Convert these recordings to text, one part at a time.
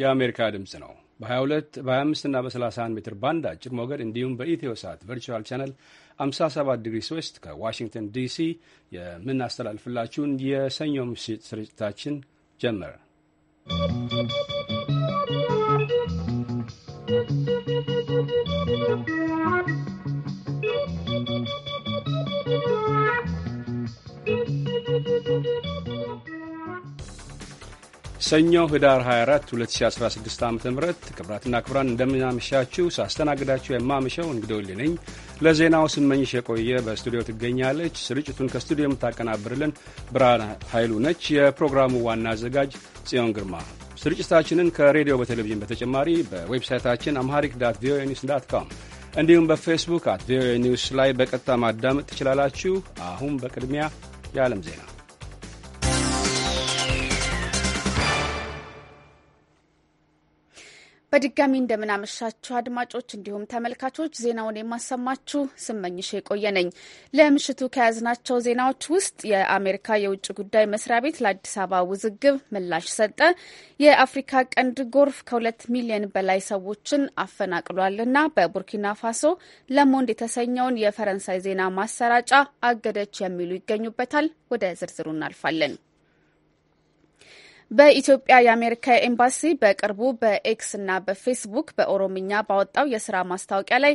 የአሜሪካ ድምፅ ነው። በ22 በ25 እና በ31 ሜትር ባንድ አጭር ሞገድ እንዲሁም በኢትዮ ሳት ቨርቹዋል ቻነል 57 ዲግሪ 3 ከዋሽንግተን ዲሲ የምናስተላልፍላችሁን የሰኞ ምሽት ስርጭታችን ጀመረ። ሰኞ ህዳር 24 2016 ዓ ም ክብራትና ክብራን እንደምናመሻችሁ ሳስተናግዳችሁ የማመሸው እንግዶል ነኝ። ለዜናው ስመኝሽ የቆየ በስቱዲዮ ትገኛለች። ስርጭቱን ከስቱዲዮ የምታቀናብርልን ብርሃን ኃይሉ ነች። የፕሮግራሙ ዋና አዘጋጅ ጽዮን ግርማ። ስርጭታችንን ከሬዲዮ በቴሌቪዥን በተጨማሪ በዌብሳይታችን አምሃሪክ ዳት ቪኦኤ ኒውስ ዳት ካም እንዲሁም በፌስቡክ አት ቪኦኤ ኒውስ ላይ በቀጥታ ማዳመጥ ትችላላችሁ። አሁን በቅድሚያ የዓለም ዜና በድጋሚ እንደምናመሻችሁ አድማጮች እንዲሁም ተመልካቾች ዜናውን የማሰማችሁ ስመኝሽ የቆየ ነኝ። ለምሽቱ ከያዝናቸው ዜናዎች ውስጥ የአሜሪካ የውጭ ጉዳይ መስሪያ ቤት ለአዲስ አበባ ውዝግብ ምላሽ ሰጠ፣ የአፍሪካ ቀንድ ጎርፍ ከሁለት ሚሊዮን በላይ ሰዎችን አፈናቅሏልና በቡርኪና ፋሶ ለሞንድ የተሰኘውን የፈረንሳይ ዜና ማሰራጫ አገደች የሚሉ ይገኙበታል። ወደ ዝርዝሩ እናልፋለን። በኢትዮጵያ የአሜሪካ ኤምባሲ በቅርቡ በኤክስ እና በፌስቡክ በኦሮምኛ ባወጣው የስራ ማስታወቂያ ላይ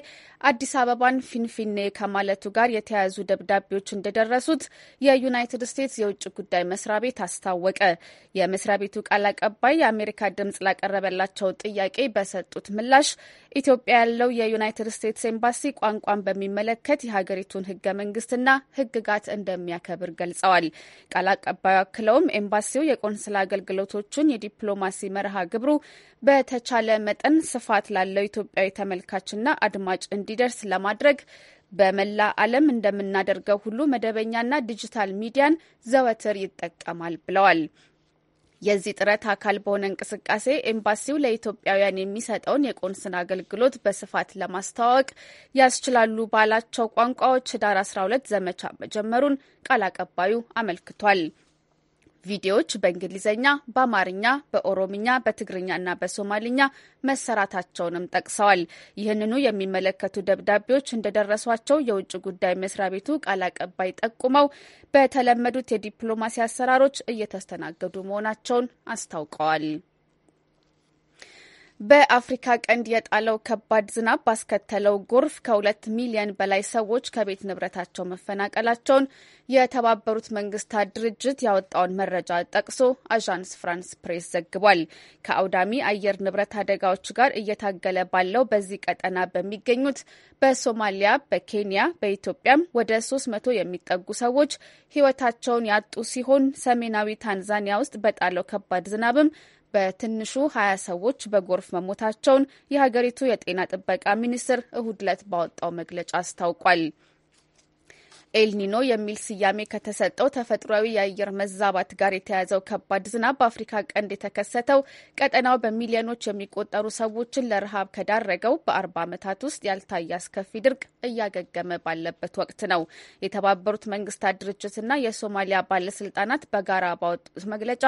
አዲስ አበባን ፊንፊኔ ከማለቱ ጋር የተያያዙ ደብዳቤዎች እንደደረሱት የዩናይትድ ስቴትስ የውጭ ጉዳይ መስሪያ ቤት አስታወቀ። የመስሪያ ቤቱ ቃል አቀባይ የአሜሪካ ድምጽ ላቀረበላቸው ጥያቄ በሰጡት ምላሽ ኢትዮጵያ ያለው የዩናይትድ ስቴትስ ኤምባሲ ቋንቋን በሚመለከት የሀገሪቱን ህገ መንግስትና ህግጋት እንደሚያከብር ገልጸዋል። ቃል አቀባዩ አክለውም ኤምባሲው የቆንስላ አገልግሎ አገልግሎቶችን የዲፕሎማሲ መርሃ ግብሩ በተቻለ መጠን ስፋት ላለው ኢትዮጵያዊ ተመልካችና አድማጭ እንዲደርስ ለማድረግ በመላ ዓለም እንደምናደርገው ሁሉ መደበኛና ዲጂታል ሚዲያን ዘወትር ይጠቀማል ብለዋል። የዚህ ጥረት አካል በሆነ እንቅስቃሴ ኤምባሲው ለኢትዮጵያውያን የሚሰጠውን የቆንስን አገልግሎት በስፋት ለማስተዋወቅ ያስችላሉ ባላቸው ቋንቋዎች ህዳር 12 ዘመቻ መጀመሩን ቃል አቀባዩ አመልክቷል። ቪዲዮዎች በእንግሊዝኛ፣ በአማርኛ፣ በኦሮምኛ፣ በትግርኛ እና በሶማሊኛ መሰራታቸውንም ጠቅሰዋል። ይህንኑ የሚመለከቱ ደብዳቤዎች እንደደረሷቸው የውጭ ጉዳይ መስሪያ ቤቱ ቃል አቀባይ ጠቁመው በተለመዱት የዲፕሎማሲ አሰራሮች እየተስተናገዱ መሆናቸውን አስታውቀዋል። በአፍሪካ ቀንድ የጣለው ከባድ ዝናብ ባስከተለው ጎርፍ ከሁለት ሚሊዮን በላይ ሰዎች ከቤት ንብረታቸው መፈናቀላቸውን የተባበሩት መንግስታት ድርጅት ያወጣውን መረጃ ጠቅሶ አዣንስ ፍራንስ ፕሬስ ዘግቧል። ከአውዳሚ አየር ንብረት አደጋዎች ጋር እየታገለ ባለው በዚህ ቀጠና በሚገኙት በሶማሊያ፣ በኬንያ፣ በኢትዮጵያም ወደ ሶስት መቶ የሚጠጉ ሰዎች ህይወታቸውን ያጡ ሲሆን ሰሜናዊ ታንዛኒያ ውስጥ በጣለው ከባድ ዝናብም በትንሹ ሀያ ሰዎች በጎርፍ መሞታቸውን የሀገሪቱ የጤና ጥበቃ ሚኒስቴር እሁድ ዕለት ባወጣው መግለጫ አስታውቋል። ኤልኒኖ የሚል ስያሜ ከተሰጠው ተፈጥሯዊ የአየር መዛባት ጋር የተያዘው ከባድ ዝናብ በአፍሪካ ቀንድ የተከሰተው ቀጠናው በሚሊዮኖች የሚቆጠሩ ሰዎችን ለረሃብ ከዳረገው በአርባ ዓመታት ውስጥ ያልታየ አስከፊ ድርቅ እያገገመ ባለበት ወቅት ነው። የተባበሩት መንግስታት ድርጅትና የሶማሊያ ባለስልጣናት በጋራ ባወጡት መግለጫ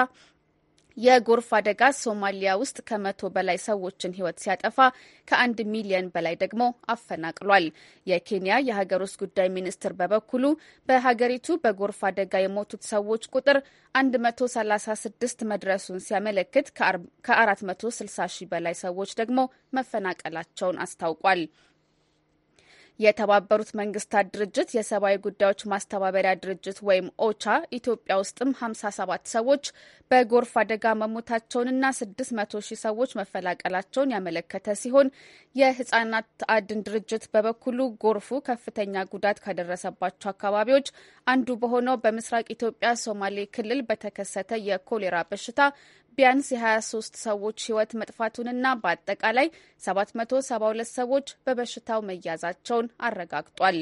የጎርፍ አደጋ ሶማሊያ ውስጥ ከመቶ በላይ ሰዎችን ህይወት ሲያጠፋ ከአንድ ሚሊየን በላይ ደግሞ አፈናቅሏል። የኬንያ የሀገር ውስጥ ጉዳይ ሚኒስትር በበኩሉ በሀገሪቱ በጎርፍ አደጋ የሞቱት ሰዎች ቁጥር 136 መድረሱን ሲያመለክት ከ460 ሺህ በላይ ሰዎች ደግሞ መፈናቀላቸውን አስታውቋል። የተባበሩት መንግስታት ድርጅት የሰብአዊ ጉዳዮች ማስተባበሪያ ድርጅት ወይም ኦቻ ኢትዮጵያ ውስጥም 57 ሰዎች በጎርፍ አደጋ መሞታቸውንና 600 ሺህ ሰዎች መፈላቀላቸውን ያመለከተ ሲሆን የህጻናት አድን ድርጅት በበኩሉ ጎርፉ ከፍተኛ ጉዳት ከደረሰባቸው አካባቢዎች አንዱ በሆነው በምስራቅ ኢትዮጵያ ሶማሌ ክልል በተከሰተ የኮሌራ በሽታ ቢያንስ የ23 ሰዎች ህይወት መጥፋቱንና በአጠቃላይ 772 ሰዎች በበሽታው መያዛቸውን አረጋግጧል።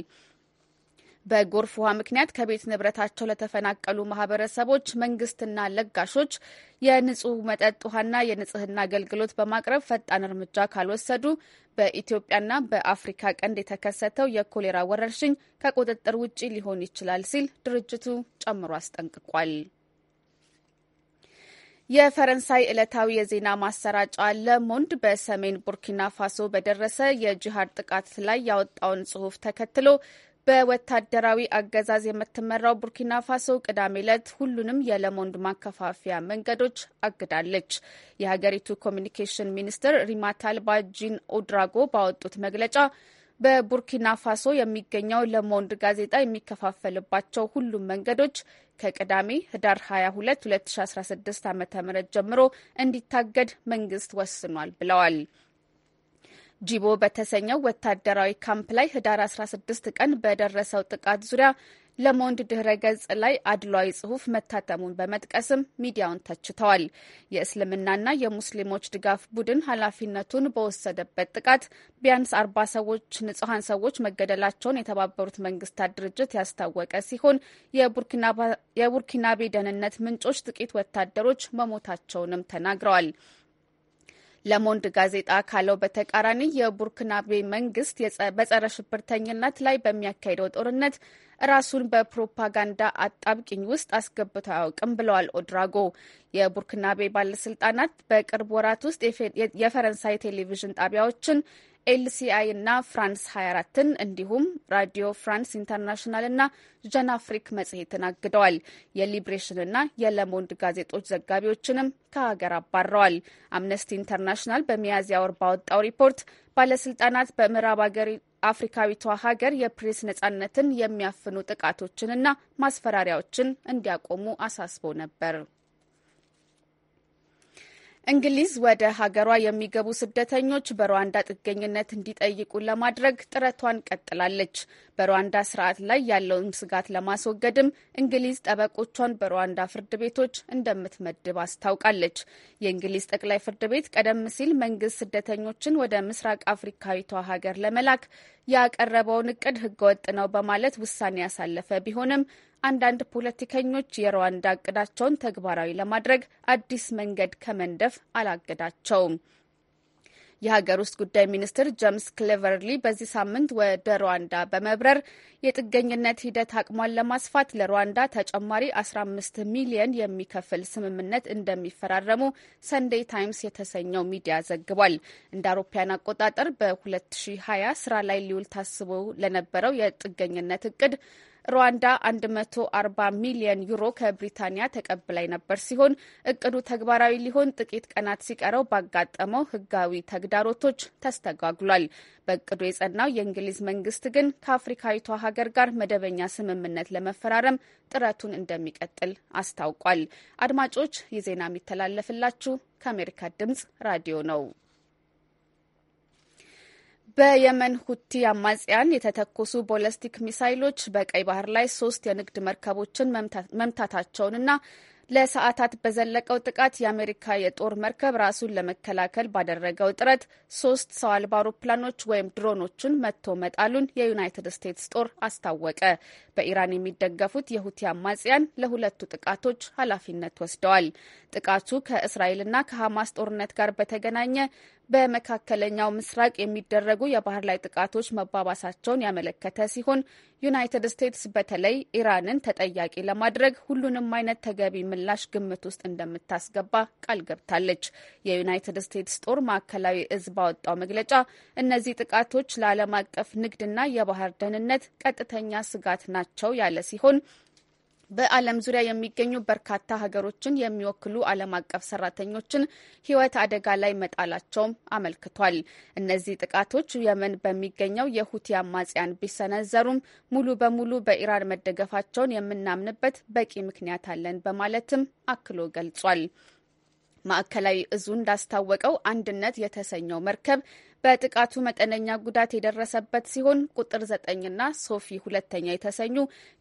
በጎርፍ ውሃ ምክንያት ከቤት ንብረታቸው ለተፈናቀሉ ማህበረሰቦች መንግስትና ለጋሾች የንጹህ መጠጥ ውሃና የንጽህና አገልግሎት በማቅረብ ፈጣን እርምጃ ካልወሰዱ በኢትዮጵያና በአፍሪካ ቀንድ የተከሰተው የኮሌራ ወረርሽኝ ከቁጥጥር ውጪ ሊሆን ይችላል ሲል ድርጅቱ ጨምሮ አስጠንቅቋል። የፈረንሳይ ዕለታዊ የዜና ማሰራጫ ለሞንድ በሰሜን ቡርኪና ፋሶ በደረሰ የጂሃድ ጥቃት ላይ ያወጣውን ጽሑፍ ተከትሎ በወታደራዊ አገዛዝ የምትመራው ቡርኪና ፋሶ ቅዳሜ ዕለት ሁሉንም የለሞንድ ማከፋፈያ መንገዶች አግዳለች። የሀገሪቱ ኮሚኒኬሽን ሚኒስትር ሪማታልባ ጂን ኦድራጎ ባወጡት መግለጫ በቡርኪና ፋሶ የሚገኘው ለሞንድ ጋዜጣ የሚከፋፈልባቸው ሁሉም መንገዶች ከቅዳሜ ህዳር 22 2016 ዓ ም ጀምሮ እንዲታገድ መንግስት ወስኗል ብለዋል። ጂቦ በተሰኘው ወታደራዊ ካምፕ ላይ ህዳር 16 ቀን በደረሰው ጥቃት ዙሪያ ለሞንድ ድህረ ገጽ ላይ አድሏዊ ጽሁፍ መታተሙን በመጥቀስም ሚዲያውን ተችተዋል። የእስልምናና የሙስሊሞች ድጋፍ ቡድን ኃላፊነቱን በወሰደበት ጥቃት ቢያንስ አርባ ሰዎች ንጹሐን ሰዎች መገደላቸውን የተባበሩት መንግስታት ድርጅት ያስታወቀ ሲሆን የቡርኪናቤ ደህንነት ምንጮች ጥቂት ወታደሮች መሞታቸውንም ተናግረዋል። ለሞንድ ጋዜጣ ካለው በተቃራኒ የቡርኪናቤ መንግስት በጸረ ሽብርተኝነት ላይ በሚያካሄደው ጦርነት ራሱን በፕሮፓጋንዳ አጣብቂኝ ውስጥ አስገብቶ አያውቅም ብለዋል ኦድራጎ። የቡርኪናቤ ባለስልጣናት በቅርብ ወራት ውስጥ የፈረንሳይ ቴሌቪዥን ጣቢያዎችን ኤልሲአይ እና ፍራንስ 24ን እንዲሁም ራዲዮ ፍራንስ ኢንተርናሽናልና ዣን አፍሪክ መጽሔትን አግደዋል። የሊብሬሽንና የለሞንድ ጋዜጦች ዘጋቢዎችንም ከሀገር አባረዋል። አምነስቲ ኢንተርናሽናል በሚያዝያ ወር ባወጣው ሪፖርት ባለስልጣናት በምዕራብ ሀገር አፍሪካዊቷ ሀገር የፕሬስ ነጻነትን የሚያፍኑ ጥቃቶችንና ማስፈራሪያዎችን እንዲያቆሙ አሳስቦ ነበር። እንግሊዝ ወደ ሀገሯ የሚገቡ ስደተኞች በሩዋንዳ ጥገኝነት እንዲጠይቁ ለማድረግ ጥረቷን ቀጥላለች። በሩዋንዳ ስርዓት ላይ ያለውን ስጋት ለማስወገድም እንግሊዝ ጠበቆቿን በሩዋንዳ ፍርድ ቤቶች እንደምትመድብ አስታውቃለች። የእንግሊዝ ጠቅላይ ፍርድ ቤት ቀደም ሲል መንግስት ስደተኞችን ወደ ምስራቅ አፍሪካዊቷ ሀገር ለመላክ ያቀረበውን እቅድ ህገወጥ ነው በማለት ውሳኔ ያሳለፈ ቢሆንም አንዳንድ ፖለቲከኞች የሩዋንዳ እቅዳቸውን ተግባራዊ ለማድረግ አዲስ መንገድ ከመንደፍ አላገዳቸውም። የሀገር ውስጥ ጉዳይ ሚኒስትር ጀምስ ክሌቨርሊ በዚህ ሳምንት ወደ ሩዋንዳ በመብረር የጥገኝነት ሂደት አቅሟን ለማስፋት ለሩዋንዳ ተጨማሪ 15 ሚሊየን የሚከፍል ስምምነት እንደሚፈራረሙ ሰንዴይ ታይምስ የተሰኘው ሚዲያ ዘግቧል። እንደ አውሮፓያን አቆጣጠር በ2020 ስራ ላይ ሊውል ታስቦ ለነበረው የጥገኝነት እቅድ ሩዋንዳ 140 ሚሊዮን ዩሮ ከብሪታንያ ተቀብላይ ነበር ሲሆን እቅዱ ተግባራዊ ሊሆን ጥቂት ቀናት ሲቀረው ባጋጠመው ሕጋዊ ተግዳሮቶች ተስተጓጉሏል። በእቅዱ የጸናው የእንግሊዝ መንግስት ግን ከአፍሪካዊቷ ሀገር ጋር መደበኛ ስምምነት ለመፈራረም ጥረቱን እንደሚቀጥል አስታውቋል። አድማጮች፣ የዜና የሚተላለፍላችሁ ከአሜሪካ ድምጽ ራዲዮ ነው። በየመን ሁቲ አማጽያን የተተኮሱ ቦለስቲክ ሚሳይሎች በቀይ ባህር ላይ ሶስት የንግድ መርከቦችን መምታታቸውንና ለሰዓታት በዘለቀው ጥቃት የአሜሪካ የጦር መርከብ ራሱን ለመከላከል ባደረገው ጥረት ሶስት ሰው አልባ አውሮፕላኖች ወይም ድሮኖችን መጥቶ መጣሉን የዩናይትድ ስቴትስ ጦር አስታወቀ። በኢራን የሚደገፉት የሁቲ አማጽያን ለሁለቱ ጥቃቶች ኃላፊነት ወስደዋል። ጥቃቱ ከእስራኤልና ከሐማስ ጦርነት ጋር በተገናኘ በመካከለኛው ምስራቅ የሚደረጉ የባህር ላይ ጥቃቶች መባባሳቸውን ያመለከተ ሲሆን ዩናይትድ ስቴትስ በተለይ ኢራንን ተጠያቂ ለማድረግ ሁሉንም አይነት ተገቢ ምላሽ ግምት ውስጥ እንደምታስገባ ቃል ገብታለች። የዩናይትድ ስቴትስ ጦር ማዕከላዊ እዝ ባወጣው መግለጫ እነዚህ ጥቃቶች ለዓለም አቀፍ ንግድና የባህር ደህንነት ቀጥተኛ ስጋት ናቸው ናቸው ያለ ሲሆን በዓለም ዙሪያ የሚገኙ በርካታ ሀገሮችን የሚወክሉ ዓለም አቀፍ ሰራተኞችን ሕይወት አደጋ ላይ መጣላቸውም አመልክቷል። እነዚህ ጥቃቶች የመን በሚገኘው የሁቲ አማጽያን ቢሰነዘሩም ሙሉ በሙሉ በኢራን መደገፋቸውን የምናምንበት በቂ ምክንያት አለን በማለትም አክሎ ገልጿል። ማዕከላዊ እዙ እንዳስታወቀው አንድነት የተሰኘው መርከብ በጥቃቱ መጠነኛ ጉዳት የደረሰበት ሲሆን ቁጥር ዘጠኝና ሶፊ ሁለተኛ የተሰኙ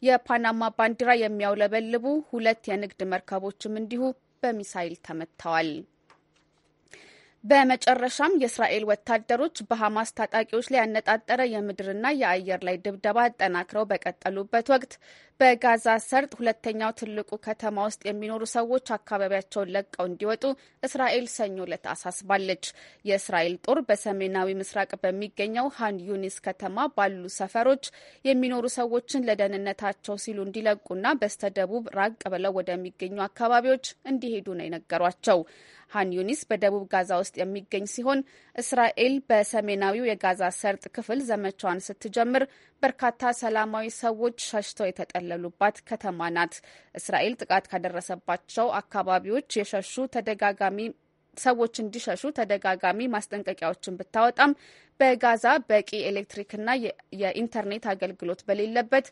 የፓናማ ባንዲራ የሚያውለበልቡ ሁለት የንግድ መርከቦችም እንዲሁ በሚሳይል ተመትተዋል። በመጨረሻም የእስራኤል ወታደሮች በሐማስ ታጣቂዎች ላይ ያነጣጠረ የምድርና የአየር ላይ ድብደባ አጠናክረው በቀጠሉበት ወቅት በጋዛ ሰርጥ ሁለተኛው ትልቁ ከተማ ውስጥ የሚኖሩ ሰዎች አካባቢያቸውን ለቀው እንዲወጡ እስራኤል ሰኞ ዕለት አሳስባለች። የእስራኤል ጦር በሰሜናዊ ምስራቅ በሚገኘው ሃን ዩኒስ ከተማ ባሉ ሰፈሮች የሚኖሩ ሰዎችን ለደህንነታቸው ሲሉ እንዲለቁና በስተደቡብ ራቅ ብለው ወደሚገኙ አካባቢዎች እንዲሄዱ ነው የነገሯቸው። ሃን ዩኒስ በደቡብ ጋዛ ውስጥ የሚገኝ ሲሆን እስራኤል በሰሜናዊው የጋዛ ሰርጥ ክፍል ዘመቻዋን ስትጀምር በርካታ ሰላማዊ ሰዎች ሸሽተው የተጠለሉባት ከተማ ናት። እስራኤል ጥቃት ካደረሰባቸው አካባቢዎች የሸሹ ተደጋጋሚ ሰዎች እንዲሸሹ ተደጋጋሚ ማስጠንቀቂያዎችን ብታወጣም በጋዛ በቂ ኤሌክትሪክና የኢንተርኔት አገልግሎት በሌለበት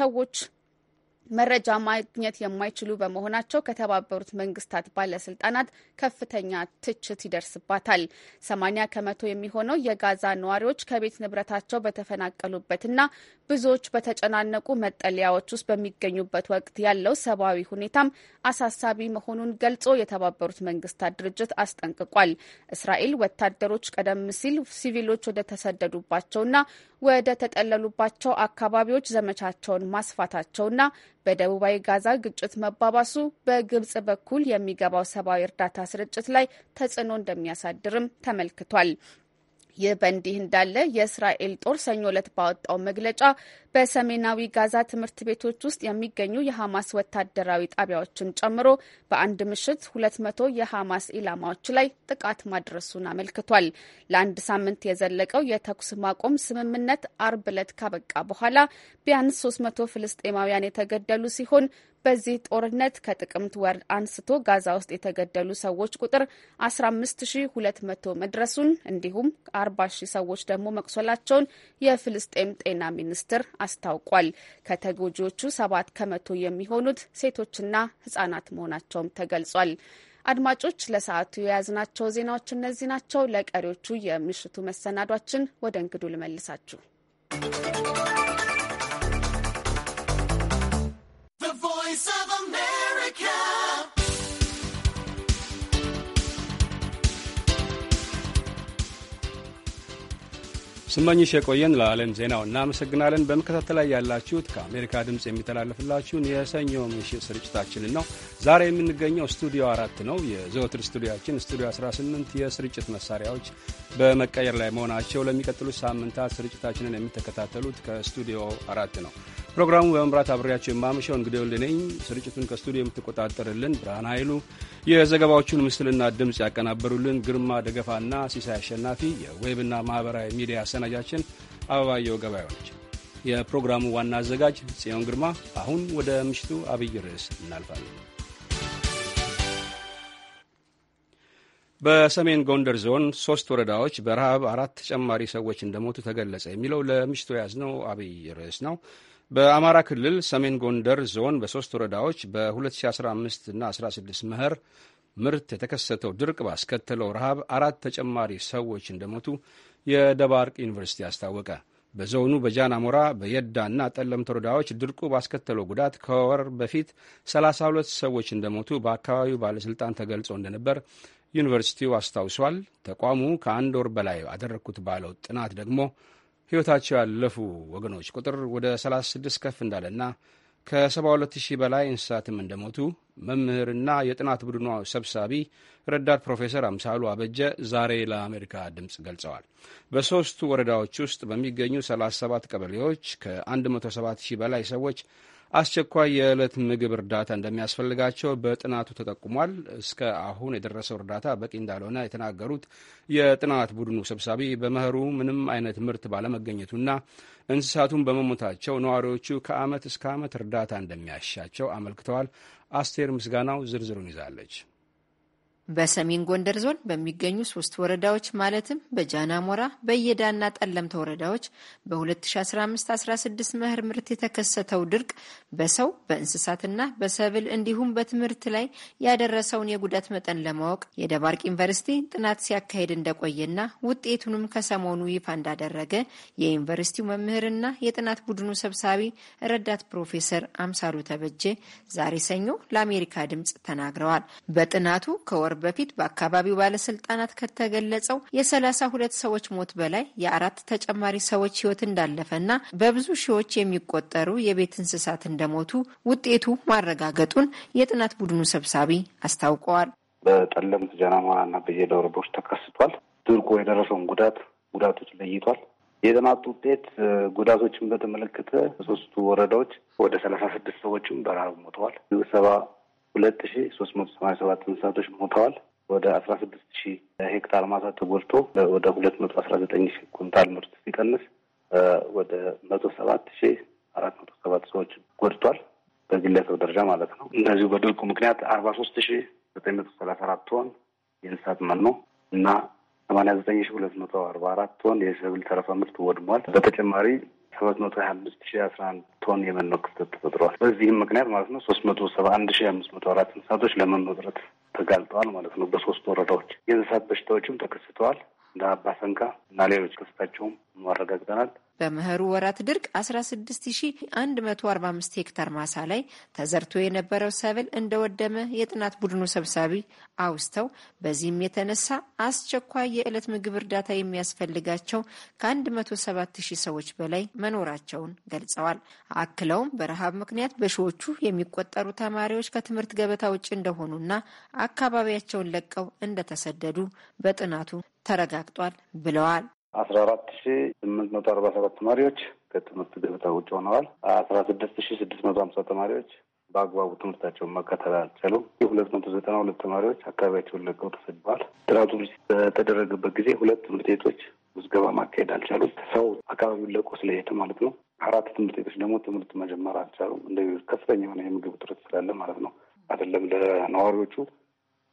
ሰዎች መረጃ ማግኘት የማይችሉ በመሆናቸው ከተባበሩት መንግስታት ባለስልጣናት ከፍተኛ ትችት ይደርስባታል። ሰማኒያ ከመቶ የሚሆነው የጋዛ ነዋሪዎች ከቤት ንብረታቸው በተፈናቀሉበትና ብዙዎች በተጨናነቁ መጠለያዎች ውስጥ በሚገኙበት ወቅት ያለው ሰብአዊ ሁኔታም አሳሳቢ መሆኑን ገልጾ የተባበሩት መንግስታት ድርጅት አስጠንቅቋል። እስራኤል ወታደሮች ቀደም ሲል ሲቪሎች ወደ ተሰደዱባቸውና ወደ ተጠለሉባቸው አካባቢዎች ዘመቻቸውን ማስፋታቸውና በደቡባዊ ጋዛ ግጭት መባባሱ በግብጽ በኩል የሚገባው ሰብአዊ እርዳታ ስርጭት ላይ ተጽዕኖ እንደሚያሳድርም ተመልክቷል። ይህ በእንዲህ እንዳለ የእስራኤል ጦር ሰኞ ዕለት ባወጣው መግለጫ በሰሜናዊ ጋዛ ትምህርት ቤቶች ውስጥ የሚገኙ የሐማስ ወታደራዊ ጣቢያዎችን ጨምሮ በአንድ ምሽት ሁለት መቶ የሐማስ ኢላማዎች ላይ ጥቃት ማድረሱን አመልክቷል። ለአንድ ሳምንት የዘለቀው የተኩስ ማቆም ስምምነት አርብ ዕለት ካበቃ በኋላ ቢያንስ መቶ ፍልስጤማውያን የተገደሉ ሲሆን በዚህ ጦርነት ከጥቅምት ወር አንስቶ ጋዛ ውስጥ የተገደሉ ሰዎች ቁጥር 15200 መድረሱን እንዲሁም 40000 ሰዎች ደግሞ መቁሰላቸውን የፍልስጤም ጤና ሚኒስቴር አስታውቋል። ከተጎጂዎቹ ሰባት ከመቶ የሚሆኑት ሴቶችና ህጻናት መሆናቸውም ተገልጿል። አድማጮች ለሰዓቱ የያዝናቸው ዜናዎች እነዚህ ናቸው። ለቀሪዎቹ የምሽቱ መሰናዷችን ወደ እንግዱ ልመልሳችሁ። ስመኝሽ የቆየን ለዓለም ዜናው እናመሰግናለን። በመከታተል ላይ ያላችሁት ከአሜሪካ ድምፅ የሚተላለፍላችሁን የሰኞ ምሽት ስርጭታችንን ነው። ዛሬ የምንገኘው ስቱዲዮ አራት ነው። የዘወትር ስቱዲያችን ስቱዲዮ 18 የስርጭት መሳሪያዎች በመቀየር ላይ መሆናቸው ለሚቀጥሉት ሳምንታት ስርጭታችንን የምትከታተሉት ከስቱዲዮ አራት ነው። ፕሮግራሙ በመምራት አብሬያቸው የማመሻው እንግዲህ ወልነኝ። ስርጭቱን ከስቱዲዮ የምትቆጣጠርልን ብርሃን ኃይሉ፣ የዘገባዎቹን ምስልና ድምፅ ያቀናበሩልን ግርማ ደገፋና ሲሳይ አሸናፊ፣ የዌብና ማኅበራዊ ሚዲያ አሰናጃችን አበባየው ገበያው ነች። የፕሮግራሙ ዋና አዘጋጅ ጽዮን ግርማ። አሁን ወደ ምሽቱ አብይ ርዕስ እናልፋለን። በሰሜን ጎንደር ዞን ሶስት ወረዳዎች በረሃብ አራት ተጨማሪ ሰዎች እንደሞቱ ተገለጸ። የሚለው ለምሽቱ የያዝነው አብይ ርዕስ ነው። በአማራ ክልል ሰሜን ጎንደር ዞን በሶስት ወረዳዎች በ2015 እና 16 መኸር ምርት የተከሰተው ድርቅ ባስከተለው ረሃብ አራት ተጨማሪ ሰዎች እንደሞቱ የደባርቅ ዩኒቨርሲቲ አስታወቀ። በዞኑ በጃናሞራ በየዳና ጠለምት ወረዳዎች ድርቁ ባስከተለው ጉዳት ከወር በፊት 32 ሰዎች እንደሞቱ በአካባቢው ባለሥልጣን ተገልጾ እንደነበር ዩኒቨርሲቲው አስታውሷል። ተቋሙ ከአንድ ወር በላይ አደረግኩት ባለው ጥናት ደግሞ ሕይወታቸው ያለፉ ወገኖች ቁጥር ወደ 36 ከፍ እንዳለና ከ72000 በላይ እንስሳትም እንደሞቱ መምህርና የጥናት ቡድኗ ሰብሳቢ ረዳት ፕሮፌሰር አምሳሉ አበጀ ዛሬ ለአሜሪካ ድምፅ ገልጸዋል። በሦስቱ ወረዳዎች ውስጥ በሚገኙ 37 ቀበሌዎች ከ107000 በላይ ሰዎች አስቸኳይ የዕለት ምግብ እርዳታ እንደሚያስፈልጋቸው በጥናቱ ተጠቁሟል። እስከ አሁን የደረሰው እርዳታ በቂ እንዳልሆነ የተናገሩት የጥናት ቡድኑ ሰብሳቢ በመኸሩ ምንም አይነት ምርት ባለመገኘቱና እንስሳቱን በመሞታቸው ነዋሪዎቹ ከዓመት እስከ ዓመት እርዳታ እንደሚያሻቸው አመልክተዋል። አስቴር ምስጋናው ዝርዝሩን ይዛለች። በሰሜን ጎንደር ዞን በሚገኙ ሶስት ወረዳዎች ማለትም በጃናሞራ፣ በየዳና ጠለምተ ወረዳዎች በ2015/16 መኸር ምርት የተከሰተው ድርቅ በሰው በእንስሳትና በሰብል እንዲሁም በትምህርት ላይ ያደረሰውን የጉዳት መጠን ለማወቅ የደባርቅ ዩኒቨርሲቲ ጥናት ሲያካሄድ እንደቆየና ውጤቱንም ከሰሞኑ ይፋ እንዳደረገ የዩኒቨርሲቲው መምህርና የጥናት ቡድኑ ሰብሳቢ ረዳት ፕሮፌሰር አምሳሉ ተበጄ ዛሬ ሰኞ ለአሜሪካ ድምጽ ተናግረዋል። በጥናቱ ከወር በፊት በአካባቢው ባለስልጣናት ከተገለጸው የሰላሳ ሁለት ሰዎች ሞት በላይ የአራት ተጨማሪ ሰዎች ህይወት እንዳለፈና በብዙ ሺዎች የሚቆጠሩ የቤት እንስሳት እንደሞቱ ውጤቱ ማረጋገጡን የጥናት ቡድኑ ሰብሳቢ አስታውቀዋል። በጠለምት ጀናሞራ እና በየደብረ ወረዳዎች ተከስቷል። ድርቆ የደረሰውን ጉዳት ጉዳቶች ለይቷል። የጥናቱ ውጤት ጉዳቶችን በተመለከተ ሶስቱ ወረዳዎች ወደ ሰላሳ ስድስት ሰዎችም በረሃብ ሞተዋል። ሰባ ሁለት ሺ ሶስት መቶ ሰማንያ ሰባት እንስሳቶች ሞተዋል። ወደ አስራ ስድስት ሺ ሄክታር ማሳ ተጎድቶ ወደ ሁለት መቶ አስራ ዘጠኝ ሺ ኩንታል ምርት ሲቀንስ ወደ መቶ ሰባት ሺ አራት መቶ ሰባት ሰዎች ጎድቷል። በግለሰብ ደረጃ ማለት ነው። እነዚሁ በድርቁ ምክንያት አርባ ሶስት ሺ ዘጠኝ መቶ ሰላሳ አራት ቶን የእንስሳት መኖ እና ሰማኒያ ዘጠኝ ሺ ሁለት መቶ አርባ አራት ቶን የሰብል ተረፈ ምርት ወድሟል። በተጨማሪ ሰባት መቶ ሀያ አምስት ሺ አስራ አንድ ቶን የመኖ ክፍተት ተፈጥሯል። በዚህም ምክንያት ማለት ነው ሶስት መቶ ሰባ አንድ ሺ አምስት መቶ አራት እንስሳቶች ለመኖ እጥረት ተጋልጠዋል ማለት ነው። በሶስት ወረዳዎች የእንስሳት በሽታዎችም ተከስተዋል። እንደ አባሰንካ እና ሌሎች ክስታቸውም ማረጋግጠናል። በመኸሩ ወራት ድርቅ 16145 ሄክታር ማሳ ላይ ተዘርቶ የነበረው ሰብል እንደወደመ የጥናት ቡድኑ ሰብሳቢ አውስተው በዚህም የተነሳ አስቸኳይ የዕለት ምግብ እርዳታ የሚያስፈልጋቸው ከ170 ሺህ ሰዎች በላይ መኖራቸውን ገልጸዋል። አክለውም በረሃብ ምክንያት በሺዎቹ የሚቆጠሩ ተማሪዎች ከትምህርት ገበታ ውጭ እንደሆኑና አካባቢያቸውን ለቀው እንደተሰደዱ በጥናቱ ተረጋግጧል ብለዋል። አስራ አራት ሺ ስምንት መቶ አርባ ሰባት ተማሪዎች ከትምህርት ገበታ ውጭ ሆነዋል። አስራ ስድስት ሺ ስድስት መቶ ሀምሳ ተማሪዎች በአግባቡ ትምህርታቸውን መከተል አልቻሉም። የሁለት መቶ ዘጠና ሁለት ተማሪዎች አካባቢያቸውን ለቀው ተሰድበዋል። ጥራቱ በተደረገበት ጊዜ ሁለት ትምህርት ቤቶች ምዝገባ ማካሄድ አልቻሉም። ሰው አካባቢውን ለቆ ስለሄደ ማለት ነው። አራት ትምህርት ቤቶች ደግሞ ትምህርት መጀመር አልቻሉም። እንደ ከፍተኛ የሆነ የምግብ እጥረት ስላለ ማለት ነው። አይደለም ለነዋሪዎቹ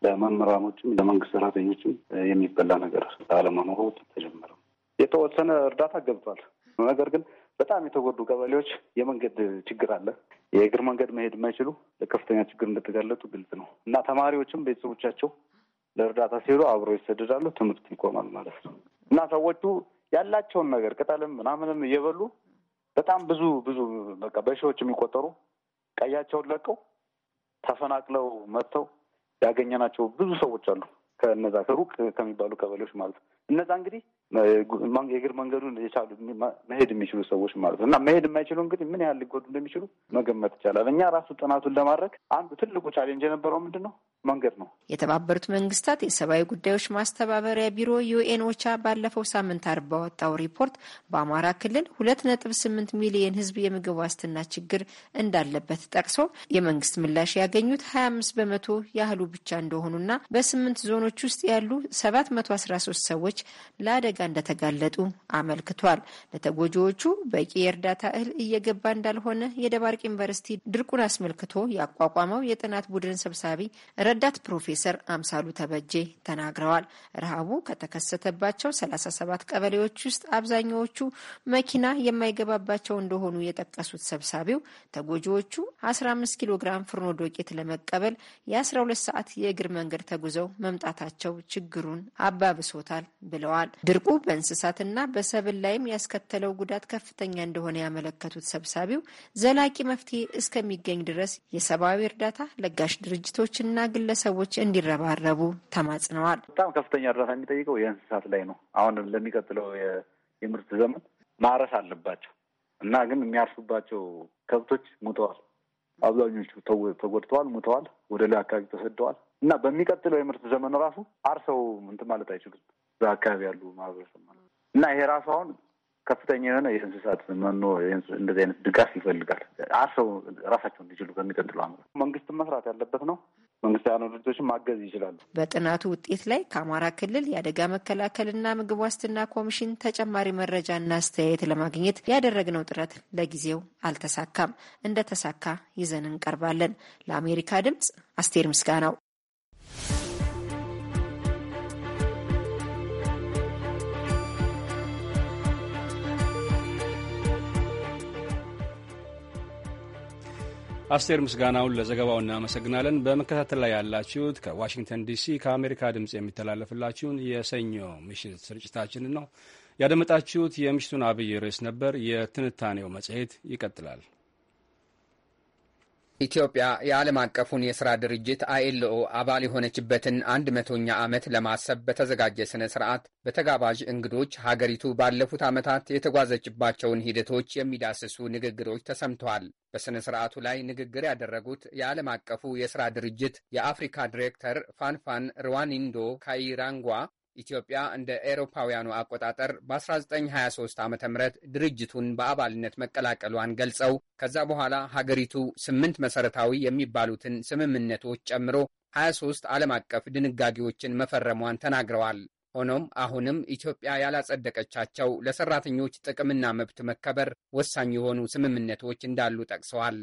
ለመምህራኖችም፣ ለመንግስት ሰራተኞችም የሚበላ ነገር አለመኖሩ ተጀመረ። የተወሰነ እርዳታ ገብቷል። ነገር ግን በጣም የተጎዱ ቀበሌዎች የመንገድ ችግር አለ። የእግር መንገድ መሄድ የማይችሉ ለከፍተኛ ችግር እንደተጋለጡ ግልጽ ነው እና ተማሪዎችም ቤተሰቦቻቸው ለእርዳታ ሲሉ አብረው ይሰደዳሉ። ትምህርት ይቆማል ማለት ነው እና ሰዎቹ ያላቸውን ነገር ቅጠልም ምናምንም እየበሉ በጣም ብዙ ብዙ በቃ በሺዎች የሚቆጠሩ ቀያቸውን ለቀው ተፈናቅለው መጥተው ያገኘናቸው ብዙ ሰዎች አሉ። ከነዛ ከሩቅ ከሚባሉ ቀበሌዎች ማለት ነው። እነዛ እንግዲህ የእግር መንገዱን የቻሉ መሄድ የሚችሉ ሰዎች ማለት ነው እና መሄድ የማይችሉ እንግዲህ ምን ያህል ሊጎዱ እንደሚችሉ መገመት ይቻላል። እኛ ራሱ ጥናቱን ለማድረግ አንዱ ትልቁ ቻሌንጅ የነበረው ምንድን ነው? መንገድ ነው። የተባበሩት መንግስታት የሰብአዊ ጉዳዮች ማስተባበሪያ ቢሮ ዩኤን ኦቻ ባለፈው ሳምንት አርብ ባወጣው ሪፖርት በአማራ ክልል ሁለት ነጥብ ስምንት ሚሊየን ህዝብ የምግብ ዋስትና ችግር እንዳለበት ጠቅሶ የመንግስት ምላሽ ያገኙት ሀያ አምስት በመቶ ያህሉ ብቻ እንደሆኑና በስምንት ዞኖች ውስጥ ያሉ ሰባት መቶ አስራ ሶስት ሰዎች ሰዎች ለአደጋ እንደተጋለጡ አመልክቷል። ለተጎጂዎቹ በቂ የእርዳታ እህል እየገባ እንዳልሆነ የደባርቅ ዩኒቨርሲቲ ድርቁን አስመልክቶ ያቋቋመው የጥናት ቡድን ሰብሳቢ ረዳት ፕሮፌሰር አምሳሉ ተበጄ ተናግረዋል። ረሃቡ ከተከሰተባቸው 37 ቀበሌዎች ውስጥ አብዛኛዎቹ መኪና የማይገባባቸው እንደሆኑ የጠቀሱት ሰብሳቢው ተጎጂዎቹ 15 ኪሎ ግራም ፍርኖ ዶቄት ለመቀበል የ12 ሰዓት የእግር መንገድ ተጉዘው መምጣታቸው ችግሩን አባብሶታል ብለዋል። ድርቁ በእንስሳትና በሰብል ላይም ያስከተለው ጉዳት ከፍተኛ እንደሆነ ያመለከቱት ሰብሳቢው ዘላቂ መፍትሄ እስከሚገኝ ድረስ የሰብአዊ እርዳታ ለጋሽ ድርጅቶችና ግለሰቦች እንዲረባረቡ ተማጽነዋል። በጣም ከፍተኛ እርዳታ የሚጠይቀው የእንስሳት ላይ ነው። አሁን ለሚቀጥለው የምርት ዘመን ማረስ አለባቸው እና ግን የሚያርሱባቸው ከብቶች ሙተዋል። አብዛኞቹ ተጎድተዋል፣ ሙተዋል፣ ወደ ላይ አካባቢ ተሰደዋል እና በሚቀጥለው የምርት ዘመን ራሱ አርሰው እንትን ማለት አይችሉም። በአካባቢ ያሉ ማህበረሰብ ማለት እና ይሄ ራሱ አሁን ከፍተኛ የሆነ የእንስሳት መኖ እንደዚህ አይነት ድጋፍ ይፈልጋል። አርሰው ራሳቸው እንዲችሉ በሚቀጥለው አመት መንግስትም መስራት ያለበት ነው። መንግስት ያኑ ድርጅቶችን ማገዝ ይችላሉ። በጥናቱ ውጤት ላይ ከአማራ ክልል የአደጋ መከላከልና ምግብ ዋስትና ኮሚሽን ተጨማሪ መረጃና አስተያየት ለማግኘት ያደረግነው ጥረት ለጊዜው አልተሳካም። እንደተሳካ ይዘን እንቀርባለን። ለአሜሪካ ድምጽ አስቴር ምስጋናው። አስቴር ምስጋናውን ለዘገባው እናመሰግናለን። በመከታተል ላይ ያላችሁት ከዋሽንግተን ዲሲ ከአሜሪካ ድምፅ የሚተላለፍላችሁን የሰኞ ምሽት ስርጭታችን ነው። ያደመጣችሁት የምሽቱን አብይ ርዕስ ነበር። የትንታኔው መጽሔት ይቀጥላል። ኢትዮጵያ የዓለም አቀፉን የሥራ ድርጅት አይኤልኦ አባል የሆነችበትን አንድ መቶኛ ዓመት ለማሰብ በተዘጋጀ ሥነ ሥርዓት በተጋባዥ እንግዶች ሀገሪቱ ባለፉት ዓመታት የተጓዘችባቸውን ሂደቶች የሚዳስሱ ንግግሮች ተሰምተዋል። በሥነ ሥርዓቱ ላይ ንግግር ያደረጉት የዓለም አቀፉ የሥራ ድርጅት የአፍሪካ ዲሬክተር ፋንፋን ሩዋኒንዶ ካይራንጓ ኢትዮጵያ እንደ ኤሮፓውያኑ አቆጣጠር በ1923 ዓ ም ድርጅቱን በአባልነት መቀላቀሏን ገልጸው ከዛ በኋላ ሀገሪቱ ስምንት መሰረታዊ የሚባሉትን ስምምነቶች ጨምሮ 23 ዓለም አቀፍ ድንጋጌዎችን መፈረሟን ተናግረዋል። ሆኖም አሁንም ኢትዮጵያ ያላጸደቀቻቸው ለሰራተኞች ጥቅምና መብት መከበር ወሳኝ የሆኑ ስምምነቶች እንዳሉ ጠቅሰዋል።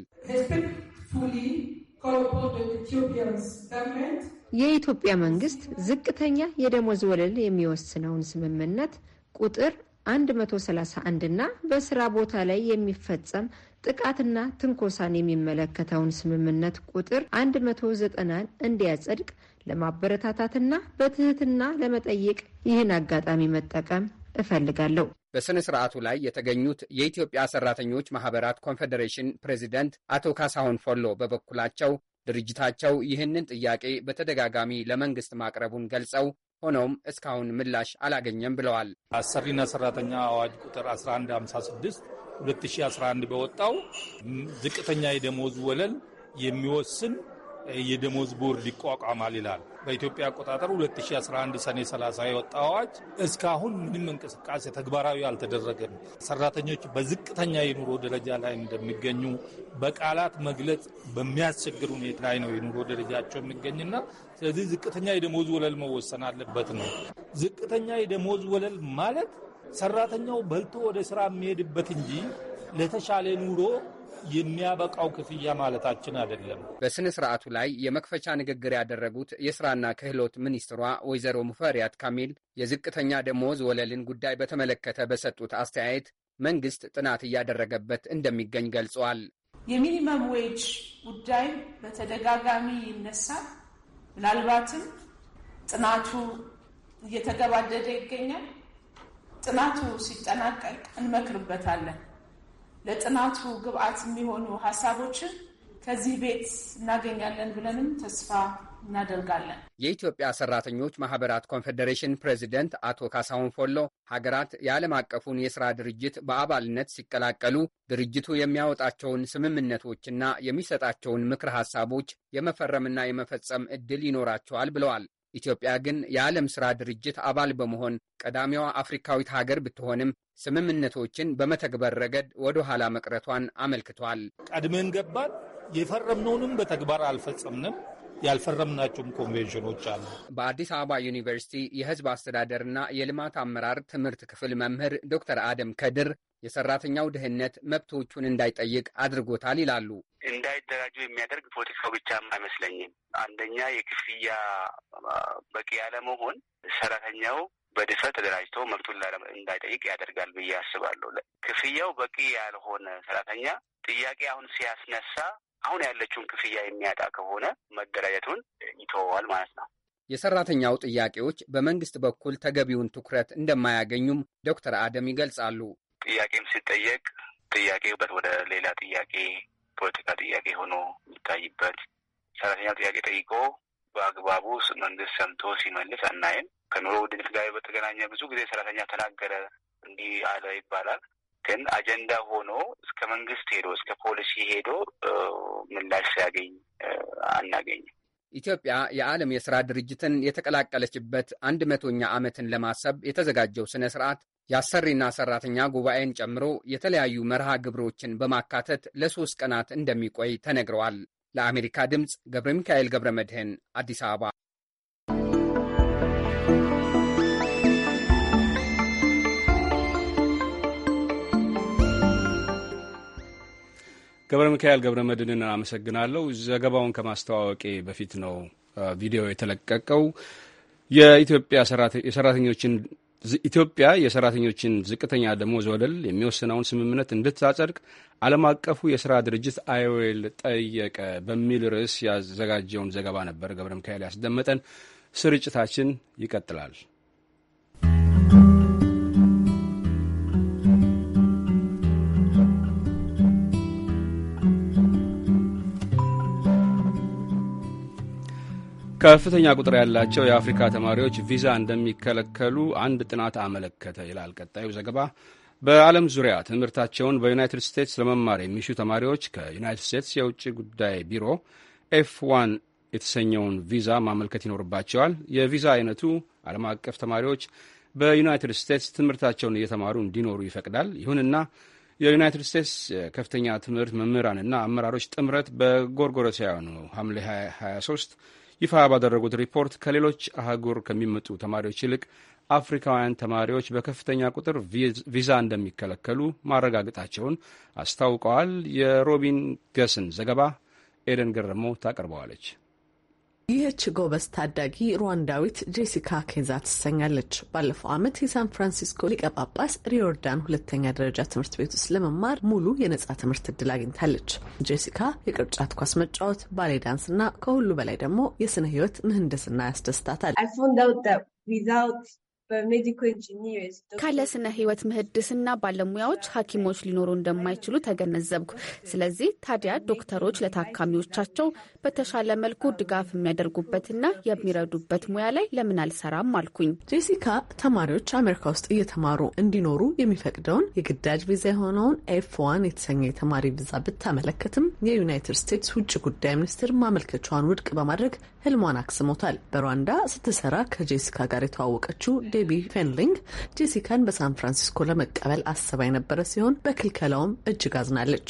የኢትዮጵያ መንግስት ዝቅተኛ የደሞዝ ወለል የሚወስነውን ስምምነት ቁጥር 131 እና በስራ ቦታ ላይ የሚፈጸም ጥቃትና ትንኮሳን የሚመለከተውን ስምምነት ቁጥር 190 እንዲያጸድቅ ለማበረታታትና በትህትና ለመጠየቅ ይህን አጋጣሚ መጠቀም እፈልጋለሁ። በሥነ ሥርዓቱ ላይ የተገኙት የኢትዮጵያ ሠራተኞች ማኅበራት ኮንፌዴሬሽን ፕሬዚደንት አቶ ካሳሁን ፎሎ በበኩላቸው ድርጅታቸው ይህንን ጥያቄ በተደጋጋሚ ለመንግሥት ማቅረቡን ገልጸው ሆኖም እስካሁን ምላሽ አላገኘም ብለዋል። አሰሪና ሠራተኛ አዋጅ ቁጥር 1156 2011 በወጣው ዝቅተኛ የደሞዝ ወለል የሚወስን የደሞዝ ቦርድ ይቋቋማል ይላል። በኢትዮጵያ አቆጣጠር 2011 ሰኔ 30 የወጣ አዋጅ እስካሁን ምንም እንቅስቃሴ ተግባራዊ አልተደረገም። ሰራተኞች በዝቅተኛ የኑሮ ደረጃ ላይ እንደሚገኙ በቃላት መግለጽ በሚያስቸግር ሁኔታ ላይ ነው የኑሮ ደረጃቸው የሚገኝና ስለዚህ ዝቅተኛ የደሞዝ ወለል መወሰን አለበት ነው። ዝቅተኛ የደሞዝ ወለል ማለት ሰራተኛው በልቶ ወደ ስራ የሚሄድበት እንጂ ለተሻለ ኑሮ የሚያበቃው ክፍያ ማለታችን አይደለም። በስነ ስርዓቱ ላይ የመክፈቻ ንግግር ያደረጉት የስራና ክህሎት ሚኒስትሯ ወይዘሮ ሙፈሪያት ካሚል የዝቅተኛ ደሞዝ ወለልን ጉዳይ በተመለከተ በሰጡት አስተያየት መንግስት ጥናት እያደረገበት እንደሚገኝ ገልጸዋል። የሚኒመም ዌጅ ጉዳይ በተደጋጋሚ ይነሳል። ምናልባትም ጥናቱ እየተገባደደ ይገኛል። ጥናቱ ሲጠናቀቅ እንመክርበታለን። ለጥናቱ ግብአት የሚሆኑ ሀሳቦችን ከዚህ ቤት እናገኛለን ብለንም ተስፋ እናደርጋለን። የኢትዮጵያ ሰራተኞች ማህበራት ኮንፌዴሬሽን ፕሬዚደንት አቶ ካሳሁን ፎሎ ሀገራት የዓለም አቀፉን የሥራ ድርጅት በአባልነት ሲቀላቀሉ ድርጅቱ የሚያወጣቸውን ስምምነቶችና የሚሰጣቸውን ምክር ሀሳቦች የመፈረምና የመፈጸም ዕድል ይኖራቸዋል ብለዋል። ኢትዮጵያ ግን የዓለም ሥራ ድርጅት አባል በመሆን ቀዳሚዋ አፍሪካዊት ሀገር ብትሆንም ስምምነቶችን በመተግበር ረገድ ወደ ኋላ መቅረቷን አመልክቷል። ቀድመን ገባን፣ የፈረምነውንም በተግባር አልፈጸምንም። ያልፈረምናቸውም ኮንቬንሽኖች አሉ። በአዲስ አበባ ዩኒቨርሲቲ የሕዝብ አስተዳደርና የልማት አመራር ትምህርት ክፍል መምህር ዶክተር አደም ከድር የሰራተኛው ድህነት መብቶቹን እንዳይጠይቅ አድርጎታል ይላሉ። እንዳይደራጁ የሚያደርግ ፖለቲካው ብቻም አይመስለኝም። አንደኛ የክፍያ በቂ ያለመሆን ሰራተኛው በድፈት ተደራጅቶ መብቱን እንዳይጠይቅ ያደርጋል ብዬ አስባለሁ። ክፍያው በቂ ያልሆነ ሰራተኛ ጥያቄ አሁን ሲያስነሳ አሁን ያለችውን ክፍያ የሚያጣ ከሆነ መደራጀቱን ይተወዋል ማለት ነው። የሰራተኛው ጥያቄዎች በመንግስት በኩል ተገቢውን ትኩረት እንደማያገኙም ዶክተር አደም ይገልጻሉ። ጥያቄም ሲጠየቅ ጥያቄበት ወደ ሌላ ጥያቄ ፖለቲካ ጥያቄ ሆኖ የሚታይበት ሰራተኛ ጥያቄ ጠይቆ በአግባቡ መንግስት ሰምቶ ሲመልስ አናይም። ከኑሮ ውድነት ጋር በተገናኘ ብዙ ጊዜ ሰራተኛ ተናገረ እንዲህ አለ ይባላል። ግን አጀንዳ ሆኖ እስከ መንግስት ሄዶ እስከ ፖሊሲ ሄዶ ምላሽ ሲያገኝ አናገኝም። ኢትዮጵያ የዓለም የሥራ ድርጅትን የተቀላቀለችበት አንድ መቶኛ ዓመትን ለማሰብ የተዘጋጀው ሥነ ሥርዓት የአሰሪና ሰራተኛ ጉባኤን ጨምሮ የተለያዩ መርሃ ግብሮችን በማካተት ለሶስት ቀናት እንደሚቆይ ተነግረዋል። ለአሜሪካ ድምፅ ገብረ ሚካኤል ገብረ መድህን አዲስ አበባ። ገብረ ሚካኤል ገብረ መድህንን አመሰግናለሁ። ዘገባውን ከማስተዋወቄ በፊት ነው ቪዲዮ የተለቀቀው። የኢትዮጵያ የሰራተኞችን ኢትዮጵያ የሰራተኞችን ዝቅተኛ ደሞዝ ወለል የሚወስነውን ስምምነት እንድታጸድቅ ዓለም አቀፉ የስራ ድርጅት አይኦኤል ጠየቀ በሚል ርዕስ ያዘጋጀውን ዘገባ ነበር ገብረ ሚካኤል ያስደመጠን። ስርጭታችን ይቀጥላል። ከፍተኛ ቁጥር ያላቸው የአፍሪካ ተማሪዎች ቪዛ እንደሚከለከሉ አንድ ጥናት አመለከተ ይላል ቀጣዩ ዘገባ። በዓለም ዙሪያ ትምህርታቸውን በዩናይትድ ስቴትስ ለመማር የሚሹ ተማሪዎች ከዩናይትድ ስቴትስ የውጭ ጉዳይ ቢሮ ኤፍ ዋን የተሰኘውን ቪዛ ማመልከት ይኖርባቸዋል። የቪዛ አይነቱ ዓለም አቀፍ ተማሪዎች በዩናይትድ ስቴትስ ትምህርታቸውን እየተማሩ እንዲኖሩ ይፈቅዳል። ይሁንና የዩናይትድ ስቴትስ ከፍተኛ ትምህርት መምህራንና አመራሮች ጥምረት በጎርጎሮሳውያኑ ሐምሌ 23 ይፋ ባደረጉት ሪፖርት ከሌሎች አህጉር ከሚመጡ ተማሪዎች ይልቅ አፍሪካውያን ተማሪዎች በከፍተኛ ቁጥር ቪዛ እንደሚከለከሉ ማረጋገጣቸውን አስታውቀዋል። የሮቢን ገስን ዘገባ ኤደን ገረሞ ታቀርበዋለች። ይህች ጎበዝ ታዳጊ ሩዋንዳዊት ጄሲካ ኬዛ ትሰኛለች። ባለፈው ዓመት የሳን ፍራንሲስኮ ሊቀ ጳጳስ ሪዮርዳን ሁለተኛ ደረጃ ትምህርት ቤት ውስጥ ለመማር ሙሉ የነጻ ትምህርት እድል አግኝታለች። ጄሲካ የቅርጫት ኳስ መጫወት፣ ባሌ ዳንስ እና ከሁሉ በላይ ደግሞ የስነ ህይወት ምህንድስና ያስደስታታል። ካለ ስነ ህይወት ምህድስና ባለሙያዎች ሐኪሞች ሊኖሩ እንደማይችሉ ተገነዘብኩ። ስለዚህ ታዲያ ዶክተሮች ለታካሚዎቻቸው በተሻለ መልኩ ድጋፍ የሚያደርጉበትና የሚረዱበት ሙያ ላይ ለምን አልሰራም አልኩኝ። ጄሲካ ተማሪዎች አሜሪካ ውስጥ እየተማሩ እንዲኖሩ የሚፈቅደውን የግዳጅ ቪዛ የሆነውን ኤፍ ዋን የተሰኘ የተማሪ ቪዛ ብታመለከትም የዩናይትድ ስቴትስ ውጭ ጉዳይ ሚኒስትር ማመልከቻዋን ውድቅ በማድረግ ህልሟን አክስሞታል። በሩዋንዳ ስትሰራ ከጄሲካ ጋር የተዋወቀችው ፌቢ ፌንሊንግ ጄሲካን በሳን ፍራንሲስኮ ለመቀበል አስባ የነበረ ሲሆን በክልከላውም እጅግ አዝናለች።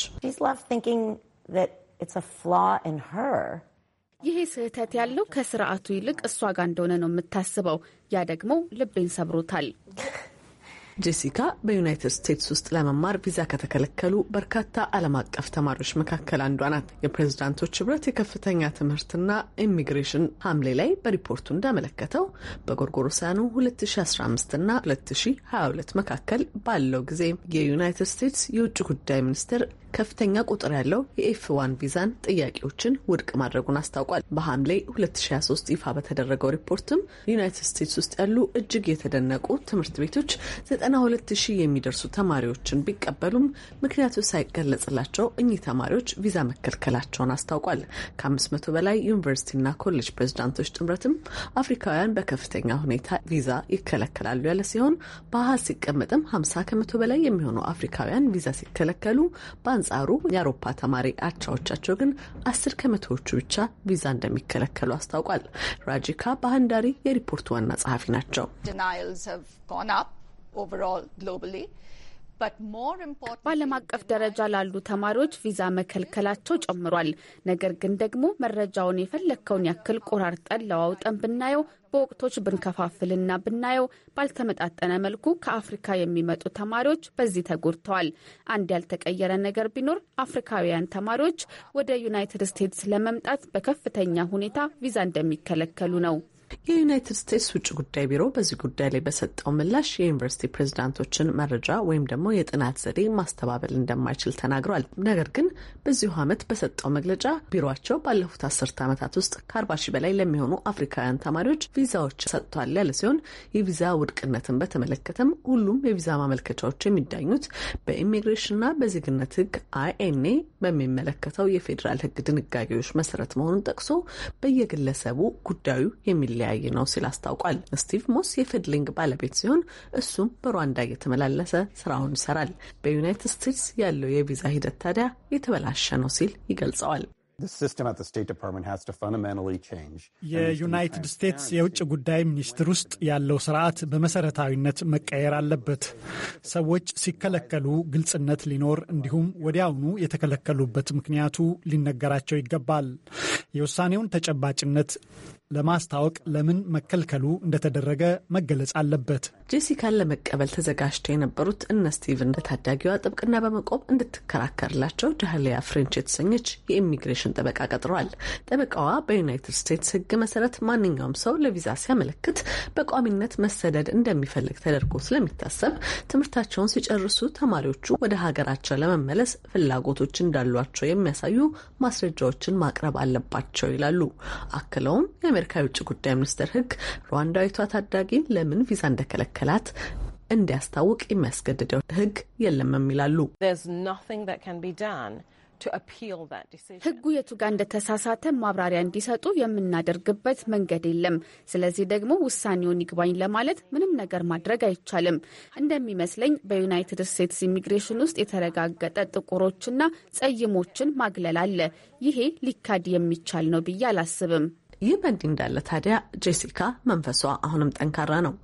ይሄ ስህተት ያለው ከስርዓቱ ይልቅ እሷ ጋር እንደሆነ ነው የምታስበው። ያ ደግሞ ልቤን ሰብሮታል። ጄሲካ በዩናይትድ ስቴትስ ውስጥ ለመማር ቪዛ ከተከለከሉ በርካታ ዓለም አቀፍ ተማሪዎች መካከል አንዷ ናት። የፕሬዝዳንቶች ህብረት የከፍተኛ ትምህርትና ኢሚግሬሽን ሐምሌ ላይ በሪፖርቱ እንዳመለከተው በጎርጎሮሳውያኑ 2015ና 2022 መካከል ባለው ጊዜ የዩናይትድ ስቴትስ የውጭ ጉዳይ ሚኒስቴር ከፍተኛ ቁጥር ያለው የኤፍ ዋን ቪዛን ጥያቄዎችን ውድቅ ማድረጉን አስታውቋል። በሐምሌ 2023 ይፋ በተደረገው ሪፖርትም ዩናይትድ ስቴትስ ውስጥ ያሉ እጅግ የተደነቁ ትምህርት ቤቶች 92 ሺህ የሚደርሱ ተማሪዎችን ቢቀበሉም ምክንያቱ ሳይገለጽላቸው እኚህ ተማሪዎች ቪዛ መከልከላቸውን አስታውቋል። ከ500 በላይ ዩኒቨርሲቲና ኮሌጅ ፕሬዚዳንቶች ጥምረትም አፍሪካውያን በከፍተኛ ሁኔታ ቪዛ ይከለከላሉ ያለ ሲሆን በአሃዝ ሲቀመጥም 50 ከመቶ በላይ የሚሆኑ አፍሪካውያን ቪዛ ሲከለከሉ በ በአንጻሩ የአውሮፓ ተማሪ አቻዎቻቸው ግን አስር ከመቶዎቹ ብቻ ቪዛ እንደሚከለከሉ አስታውቋል። ራጂካ ባህንዳሪ የሪፖርቱ ዋና ጸሐፊ ናቸው። በዓለም አቀፍ ደረጃ ላሉ ተማሪዎች ቪዛ መከልከላቸው ጨምሯል። ነገር ግን ደግሞ መረጃውን የፈለግከውን ያክል ቆራርጠን ለዋውጠን ብናየው በወቅቶች ብንከፋፍልና ብናየው ባልተመጣጠነ መልኩ ከአፍሪካ የሚመጡ ተማሪዎች በዚህ ተጎድተዋል። አንድ ያልተቀየረ ነገር ቢኖር አፍሪካውያን ተማሪዎች ወደ ዩናይትድ ስቴትስ ለመምጣት በከፍተኛ ሁኔታ ቪዛ እንደሚከለከሉ ነው። የዩናይትድ ስቴትስ ውጭ ጉዳይ ቢሮ በዚህ ጉዳይ ላይ በሰጠው ምላሽ የዩኒቨርሲቲ ፕሬዚዳንቶችን መረጃ ወይም ደግሞ የጥናት ዘዴ ማስተባበል እንደማይችል ተናግሯል። ነገር ግን በዚሁ ዓመት በሰጠው መግለጫ ቢሮቸው ባለፉት አስርተ ዓመታት ውስጥ ከአርባ ሺህ በላይ ለሚሆኑ አፍሪካውያን ተማሪዎች ቪዛዎች ሰጥቷል ያለ ሲሆን የቪዛ ውድቅነትን በተመለከተም ሁሉም የቪዛ ማመልከቻዎች የሚዳኙት በኢሚግሬሽንና በዜግነት ሕግ አይኤንኤ በሚመለከተው የፌዴራል ሕግ ድንጋጌዎች መሰረት መሆኑን ጠቅሶ በየግለሰቡ ጉዳዩ የሚል ሊለያይ ነው ሲል አስታውቋል። ስቲቭ ሞስ የፌድሊንግ ባለቤት ሲሆን እሱም በሩዋንዳ እየተመላለሰ ስራውን ይሰራል። በዩናይትድ ስቴትስ ያለው የቪዛ ሂደት ታዲያ የተበላሸ ነው ሲል ይገልጸዋል። የዩናይትድ ስቴትስ የውጭ ጉዳይ ሚኒስቴር ውስጥ ያለው ስርዓት በመሰረታዊነት መቀየር አለበት። ሰዎች ሲከለከሉ ግልጽነት ሊኖር እንዲሁም ወዲያውኑ የተከለከሉበት ምክንያቱ ሊነገራቸው ይገባል። የውሳኔውን ተጨባጭነት ለማስታወቅ ለምን መከልከሉ እንደተደረገ መገለጽ አለበት። ጄሲካን ለመቀበል ተዘጋጅተው የነበሩት እነ ስቲቭ እንደ ታዳጊዋ ጥብቅና በመቆም እንድትከራከርላቸው ጃህሊያ ፍሬንች የተሰኘች የኢሚግሬሽን ጠበቃ ቀጥሯል። ጠበቃዋ በዩናይትድ ስቴትስ ሕግ መሰረት ማንኛውም ሰው ለቪዛ ሲያመለክት በቋሚነት መሰደድ እንደሚፈልግ ተደርጎ ስለሚታሰብ ትምህርታቸውን ሲጨርሱ ተማሪዎቹ ወደ ሀገራቸው ለመመለስ ፍላጎቶች እንዳሏቸው የሚያሳዩ ማስረጃዎችን ማቅረብ አለባቸው ይላሉ። አክለውም የአሜሪካ የውጭ ጉዳይ ሚኒስትር ህግ ሩዋንዳዊቷ ታዳጊን ለምን ቪዛ እንደከለከላት እንዲያስታውቅ የሚያስገድደው ህግ የለም የሚላሉ። ህጉ የቱ ጋር እንደተሳሳተ ማብራሪያ እንዲሰጡ የምናደርግበት መንገድ የለም። ስለዚህ ደግሞ ውሳኔውን ይግባኝ ለማለት ምንም ነገር ማድረግ አይቻልም። እንደሚመስለኝ በዩናይትድ ስቴትስ ኢሚግሬሽን ውስጥ የተረጋገጠ ጥቁሮችና ጸይሞችን ማግለል አለ። ይሄ ሊካድ የሚቻል ነው ብዬ አላስብም። ይህ በእንዲህ እንዳለ ታዲያ ጄሲካ መንፈሷ አሁንም ጠንካራ ነው።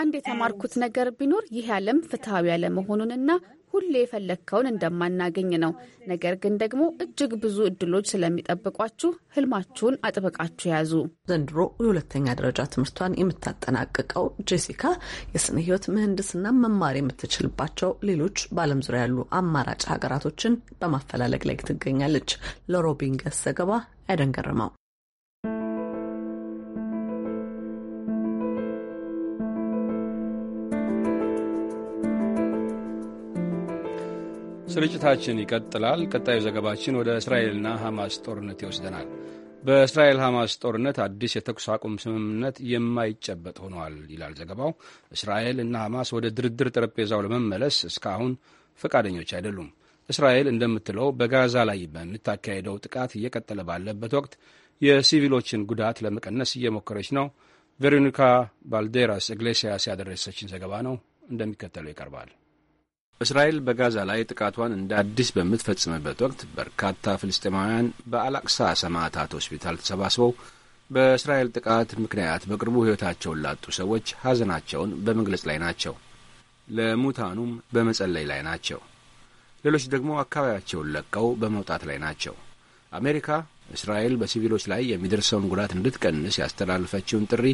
አንድ የተማርኩት ነገር ቢኖር ይህ ዓለም ፍትሐዊ ያለመሆኑንና ሁሌ የፈለግከውን እንደማናገኝ ነው። ነገር ግን ደግሞ እጅግ ብዙ እድሎች ስለሚጠብቋችሁ ህልማችሁን አጥብቃችሁ ያዙ። ዘንድሮ የሁለተኛ ደረጃ ትምህርቷን የምታጠናቅቀው ጄሲካ የስነ ህይወት ምህንድስና መማር የምትችልባቸው ሌሎች በዓለም ዙሪያ ያሉ አማራጭ ሀገራቶችን በማፈላለግ ላይ ትገኛለች። ለሮቢንገስ ዘገባ አይደንገርመው ስርጭታችን ይቀጥላል። ቀጣዩ ዘገባችን ወደ እስራኤልና ሐማስ ጦርነት ይወስደናል። በእስራኤል ሐማስ ጦርነት አዲስ የተኩስ አቁም ስምምነት የማይጨበጥ ሆኗል ይላል ዘገባው። እስራኤል እና ሐማስ ወደ ድርድር ጠረጴዛው ለመመለስ እስካሁን ፈቃደኞች አይደሉም። እስራኤል እንደምትለው በጋዛ ላይ በምታካሄደው ጥቃት እየቀጠለ ባለበት ወቅት የሲቪሎችን ጉዳት ለመቀነስ እየሞከረች ነው። ቬሮኒካ ባልዴራስ እግሌሲያስ ያደረሰችን ዘገባ ነው፣ እንደሚከተለው ይቀርባል። እስራኤል በጋዛ ላይ ጥቃቷን እንደ አዲስ በምትፈጽምበት ወቅት በርካታ ፍልስጤማውያን በአላቅሳ ሰማዕታት ሆስፒታል ተሰባስበው በእስራኤል ጥቃት ምክንያት በቅርቡ ሕይወታቸውን ላጡ ሰዎች ሐዘናቸውን በመግለጽ ላይ ናቸው። ለሙታኑም በመጸለይ ላይ ናቸው። ሌሎች ደግሞ አካባቢያቸውን ለቀው በመውጣት ላይ ናቸው። አሜሪካ እስራኤል በሲቪሎች ላይ የሚደርሰውን ጉዳት እንድትቀንስ ያስተላለፈችውን ጥሪ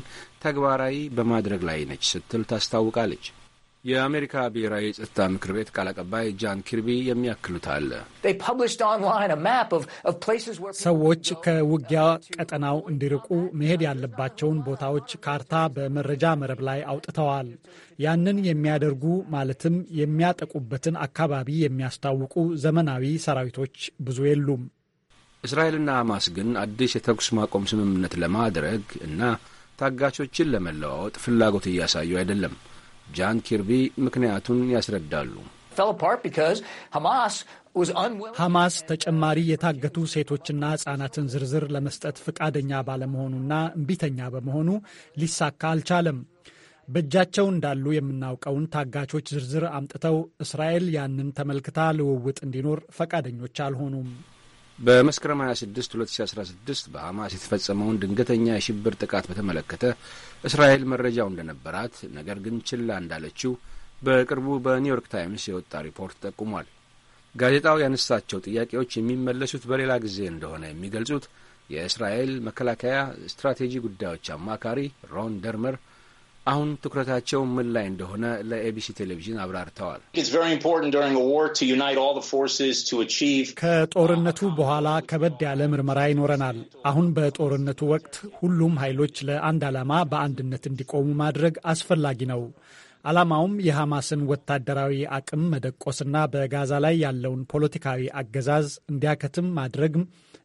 ተግባራዊ በማድረግ ላይ ነች ስትል ታስታውቃለች። የአሜሪካ ብሔራዊ የጸጥታ ምክር ቤት ቃል አቀባይ ጃን ኪርቢ የሚያክሉት አለ። ሰዎች ከውጊያ ቀጠናው እንዲርቁ መሄድ ያለባቸውን ቦታዎች ካርታ በመረጃ መረብ ላይ አውጥተዋል። ያንን የሚያደርጉ ማለትም የሚያጠቁበትን አካባቢ የሚያስታውቁ ዘመናዊ ሰራዊቶች ብዙ የሉም። እስራኤልና ሐማስ ግን አዲስ የተኩስ ማቆም ስምምነት ለማድረግ እና ታጋቾችን ለመለዋወጥ ፍላጎት እያሳዩ አይደለም። ጃን ኪርቢ ምክንያቱን ያስረዳሉ። ሐማስ ተጨማሪ የታገቱ ሴቶችና ሕፃናትን ዝርዝር ለመስጠት ፈቃደኛ ባለመሆኑና እምቢተኛ በመሆኑ ሊሳካ አልቻለም። በእጃቸው እንዳሉ የምናውቀውን ታጋቾች ዝርዝር አምጥተው እስራኤል ያንን ተመልክታ ልውውጥ እንዲኖር ፈቃደኞች አልሆኑም። በመስከረም 26 2016 በሐማስ የተፈጸመውን ድንገተኛ የሽብር ጥቃት በተመለከተ እስራኤል መረጃው እንደነበራት ነገር ግን ችላ እንዳለችው በቅርቡ በኒውዮርክ ታይምስ የወጣ ሪፖርት ጠቁሟል። ጋዜጣው ያነሳቸው ጥያቄዎች የሚመለሱት በሌላ ጊዜ እንደሆነ የሚገልጹት የእስራኤል መከላከያ ስትራቴጂ ጉዳዮች አማካሪ ሮን ደርመር አሁን ትኩረታቸው ምን ላይ እንደሆነ ለኤቢሲ ቴሌቪዥን አብራርተዋል። ከጦርነቱ በኋላ ከበድ ያለ ምርመራ ይኖረናል። አሁን በጦርነቱ ወቅት ሁሉም ኃይሎች ለአንድ ዓላማ በአንድነት እንዲቆሙ ማድረግ አስፈላጊ ነው። ዓላማውም የሐማስን ወታደራዊ አቅም መደቆስና በጋዛ ላይ ያለውን ፖለቲካዊ አገዛዝ እንዲያከትም ማድረግ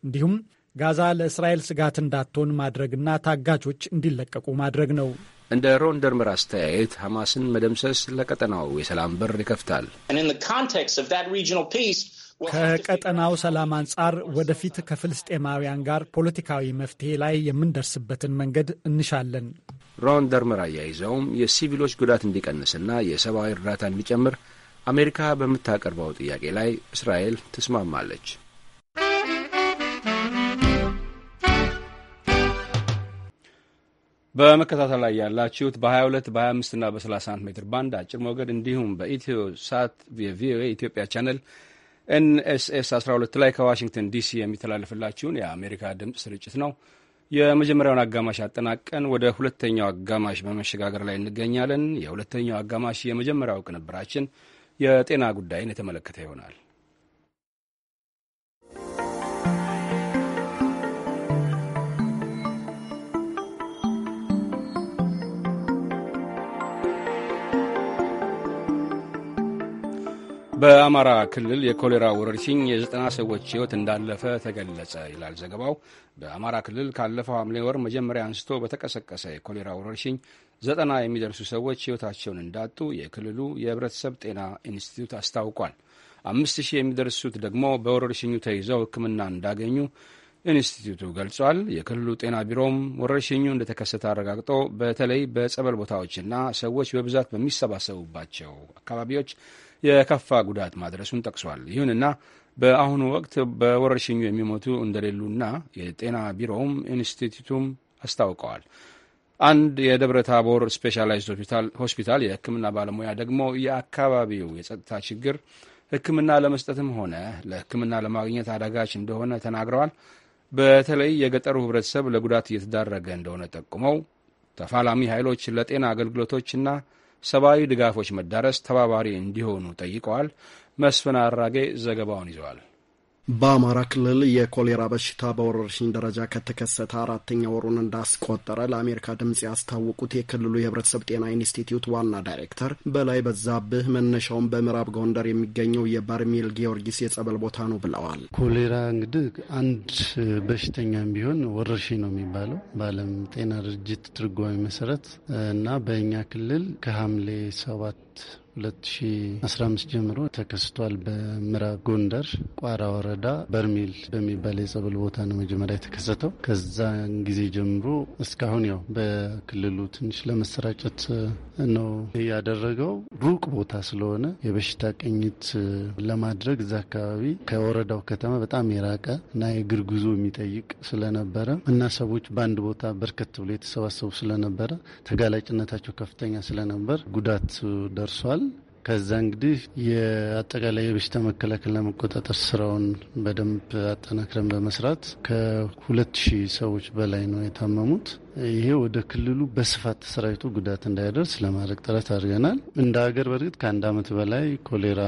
እንዲሁም ጋዛ ለእስራኤል ስጋት እንዳትሆን ማድረግና ታጋቾች እንዲለቀቁ ማድረግ ነው። እንደ ሮንደርመር አስተያየት ሐማስን መደምሰስ ለቀጠናው የሰላም በር ይከፍታል። ከቀጠናው ሰላም አንጻር ወደፊት ከፍልስጤማውያን ጋር ፖለቲካዊ መፍትሄ ላይ የምንደርስበትን መንገድ እንሻለን። ሮንደርመር አያይዘውም የሲቪሎች ጉዳት እንዲቀንስና የሰብአዊ እርዳታ እንዲጨምር አሜሪካ በምታቀርበው ጥያቄ ላይ እስራኤል ትስማማለች። በመከታተል ላይ ያላችሁት በ22 በ25 እና በ31 ሜትር ባንድ አጭር ሞገድ እንዲሁም በኢትዮ ሳት የቪኦኤ ኢትዮጵያ ቻነል ኤንኤስኤስ 12 ላይ ከዋሽንግተን ዲሲ የሚተላለፍላችሁን የአሜሪካ ድምፅ ስርጭት ነው። የመጀመሪያውን አጋማሽ አጠናቀን ወደ ሁለተኛው አጋማሽ በመሸጋገር ላይ እንገኛለን። የሁለተኛው አጋማሽ የመጀመሪያው ቅንብራችን የጤና ጉዳይን የተመለከተ ይሆናል። በአማራ ክልል የኮሌራ ወረርሽኝ የዘጠና ሰዎች ሕይወት እንዳለፈ ተገለጸ ይላል ዘገባው። በአማራ ክልል ካለፈው ሐምሌ ወር መጀመሪያ አንስቶ በተቀሰቀሰ የኮሌራ ወረርሽኝ ዘጠና የሚደርሱ ሰዎች ሕይወታቸውን እንዳጡ የክልሉ የህብረተሰብ ጤና ኢንስቲትዩት አስታውቋል። አምስት ሺህ የሚደርሱት ደግሞ በወረርሽኙ ተይዘው ሕክምና እንዳገኙ ኢንስቲትዩቱ ገልጿል። የክልሉ ጤና ቢሮም ወረርሽኙ እንደተከሰተ አረጋግጦ በተለይ በጸበል ቦታዎችና ሰዎች በብዛት በሚሰባሰቡባቸው አካባቢዎች የከፋ ጉዳት ማድረሱን ጠቅሷል። ይሁንና በአሁኑ ወቅት በወረርሽኙ የሚሞቱ እንደሌሉና የጤና ቢሮውም ኢንስቲትዩቱም አስታውቀዋል። አንድ የደብረ ታቦር ስፔሻላይዝድ ሆስፒታል የሕክምና ባለሙያ ደግሞ የአካባቢው የጸጥታ ችግር ሕክምና ለመስጠትም ሆነ ለሕክምና ለማግኘት አዳጋች እንደሆነ ተናግረዋል። በተለይ የገጠሩ ሕብረተሰብ ለጉዳት እየተዳረገ እንደሆነ ጠቁመው ተፋላሚ ኃይሎች ለጤና አገልግሎቶችና ሰብአዊ ድጋፎች መዳረስ ተባባሪ እንዲሆኑ ጠይቀዋል። መስፍን አራጌ ዘገባውን ይዘዋል። በአማራ ክልል የኮሌራ በሽታ በወረርሽኝ ደረጃ ከተከሰተ አራተኛ ወሩን እንዳስቆጠረ ለአሜሪካ ድምፅ ያስታወቁት የክልሉ የህብረተሰብ ጤና ኢንስቲትዩት ዋና ዳይሬክተር በላይ በዛብህ መነሻውን በምዕራብ ጎንደር የሚገኘው የበርሜል ጊዮርጊስ የጸበል ቦታ ነው ብለዋል። ኮሌራ እንግዲህ አንድ በሽተኛም ቢሆን ወረርሽኝ ነው የሚባለው በዓለም ጤና ድርጅት ትርጓሜ መሰረት እና በእኛ ክልል ከሐምሌ ሰባት 2015 ጀምሮ ተከስቷል። በምዕራብ ጎንደር ቋራ ወረዳ በርሜል በሚባል የጸበል ቦታ ነው መጀመሪያ የተከሰተው። ከዛን ጊዜ ጀምሮ እስካሁን ያው በክልሉ ትንሽ ለመሰራጨት ነው ያደረገው። ሩቅ ቦታ ስለሆነ የበሽታ ቅኝት ለማድረግ እዛ አካባቢ ከወረዳው ከተማ በጣም የራቀ እና የእግር ጉዞ የሚጠይቅ ስለነበረ እና ሰዎች በአንድ ቦታ በርከት ብሎ የተሰባሰቡ ስለነበረ ተጋላጭነታቸው ከፍተኛ ስለነበር ጉዳት ደርሷል። ከዛ እንግዲህ የአጠቃላይ የበሽታ መከላከል ለመቆጣጠር ስራውን በደንብ አጠናክረን በመስራት ከሁለት ሺህ ሰዎች በላይ ነው የታመሙት። ይሄ ወደ ክልሉ በስፋት ሰራዊቱ ጉዳት እንዳይደርስ ለማድረግ ጥረት አድርገናል። እንደ ሀገር በእርግጥ ከአንድ ዓመት በላይ ኮሌራ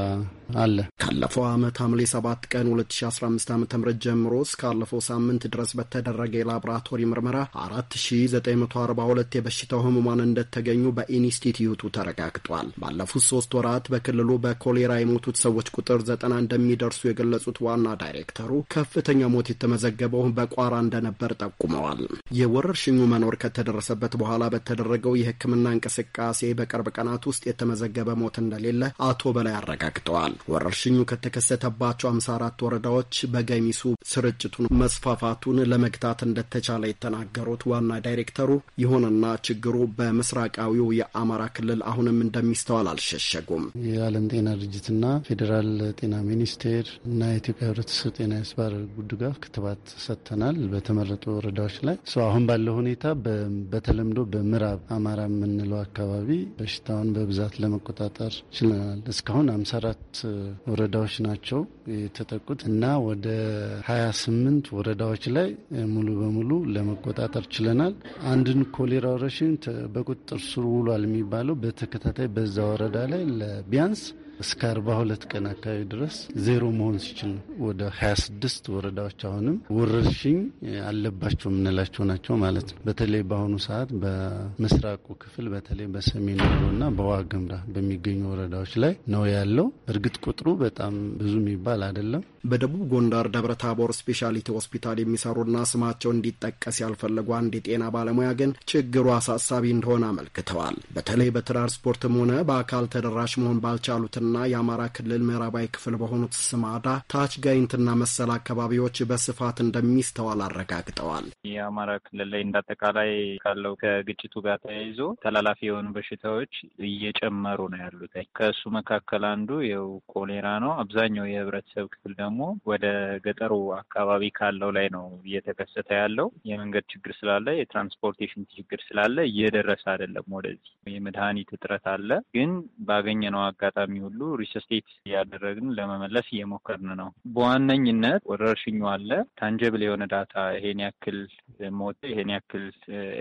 አለ። ካለፈው አመት ሐምሌ 7 ቀን 2015 ዓ ም ጀምሮ እስካለፈው ሳምንት ድረስ በተደረገ የላቦራቶሪ ምርመራ 4942 የበሽታው ህሙማን እንደተገኙ በኢንስቲትዩቱ ተረጋግጧል። ባለፉት ሶስት ወራት በክልሉ በኮሌራ የሞቱት ሰዎች ቁጥር ዘጠና እንደሚደርሱ የገለጹት ዋና ዳይሬክተሩ ከፍተኛ ሞት የተመዘገበው በቋራ እንደነበር ጠቁመዋል። የወረርሽኙ መኖር ከተደረሰበት በኋላ በተደረገው የሕክምና እንቅስቃሴ በቅርብ ቀናት ውስጥ የተመዘገበ ሞት እንደሌለ አቶ በላይ አረጋግጠዋል። ወረርሽኙ ከተከሰተባቸው 54 ወረዳዎች በገሚሱ ስርጭቱን መስፋፋቱን ለመግታት እንደተቻለ የተናገሩት ዋና ዳይሬክተሩ፣ ይሁንና ችግሩ በምስራቃዊው የአማራ ክልል አሁንም እንደሚስተዋል አልሸሸጉም። የዓለም ጤና ድርጅትና ፌዴራል ጤና ሚኒስቴር እና የኢትዮጵያ ህብረተሰብ ጤና ስባር ጉድጋፍ ክትባት ሰጥተናል በተመረጡ ወረዳዎች ላይ አሁን ባለው ሁኔታ በሽታ በተለምዶ በምዕራብ አማራ የምንለው አካባቢ በሽታውን በብዛት ለመቆጣጠር ችለናል። እስካሁን አምሳ አራት ወረዳዎች ናቸው የተጠቁት እና ወደ ሀያ ስምንት ወረዳዎች ላይ ሙሉ በሙሉ ለመቆጣጠር ችለናል። አንድን ኮሌራ ወረርሽኝ በቁጥጥር ስር ውሏል የሚባለው በተከታታይ በዛ ወረዳ ላይ ለቢያንስ ። እስከ 42 ቀን አካባቢ ድረስ ዜሮ መሆን ሲችል ነው። ወደ 26 ወረዳዎች አሁንም ወረርሽኝ አለባቸው የምንላቸው ናቸው ማለት ነው። በተለይ በአሁኑ ሰዓት በምስራቁ ክፍል በተለይ በሰሜን ወሎና በዋግምራ በሚገኙ ወረዳዎች ላይ ነው ያለው። እርግጥ ቁጥሩ በጣም ብዙ የሚባል አይደለም። በደቡብ ጎንደር ደብረ ታቦር ስፔሻሊቲ ሆስፒታል የሚሰሩና ስማቸው እንዲጠቀስ ያልፈለጉ አንድ የጤና ባለሙያ ግን ችግሩ አሳሳቢ እንደሆነ አመልክተዋል። በተለይ በትራንስፖርትም ሆነ በአካል ተደራሽ መሆን ባልቻሉትና የአማራ ክልል ምዕራባዊ ክፍል በሆኑት ስማዳ፣ ታች ጋይንትና መሰል አካባቢዎች በስፋት እንደሚስተዋል አረጋግጠዋል። የአማራ ክልል ላይ እንዳጠቃላይ ካለው ከግጭቱ ጋር ተያይዞ ተላላፊ የሆኑ በሽታዎች እየጨመሩ ነው ያሉት። ከእሱ መካከል አንዱ የው ኮሌራ ነው። አብዛኛው የህብረተሰብ ክፍል ደግሞ ደግሞ ወደ ገጠሩ አካባቢ ካለው ላይ ነው እየተከሰተ ያለው። የመንገድ ችግር ስላለ፣ የትራንስፖርቴሽን ችግር ስላለ እየደረሰ አይደለም ወደዚህ። የመድኃኒት እጥረት አለ። ግን ባገኘነው አጋጣሚ ሁሉ ሪስስቴት እያደረግን ለመመለስ እየሞከርን ነው። በዋነኝነት ወረርሽኙ አለ። ታንጀብል የሆነ ዳታ ይሄን ያክል ሞተ፣ ይሄን ያክል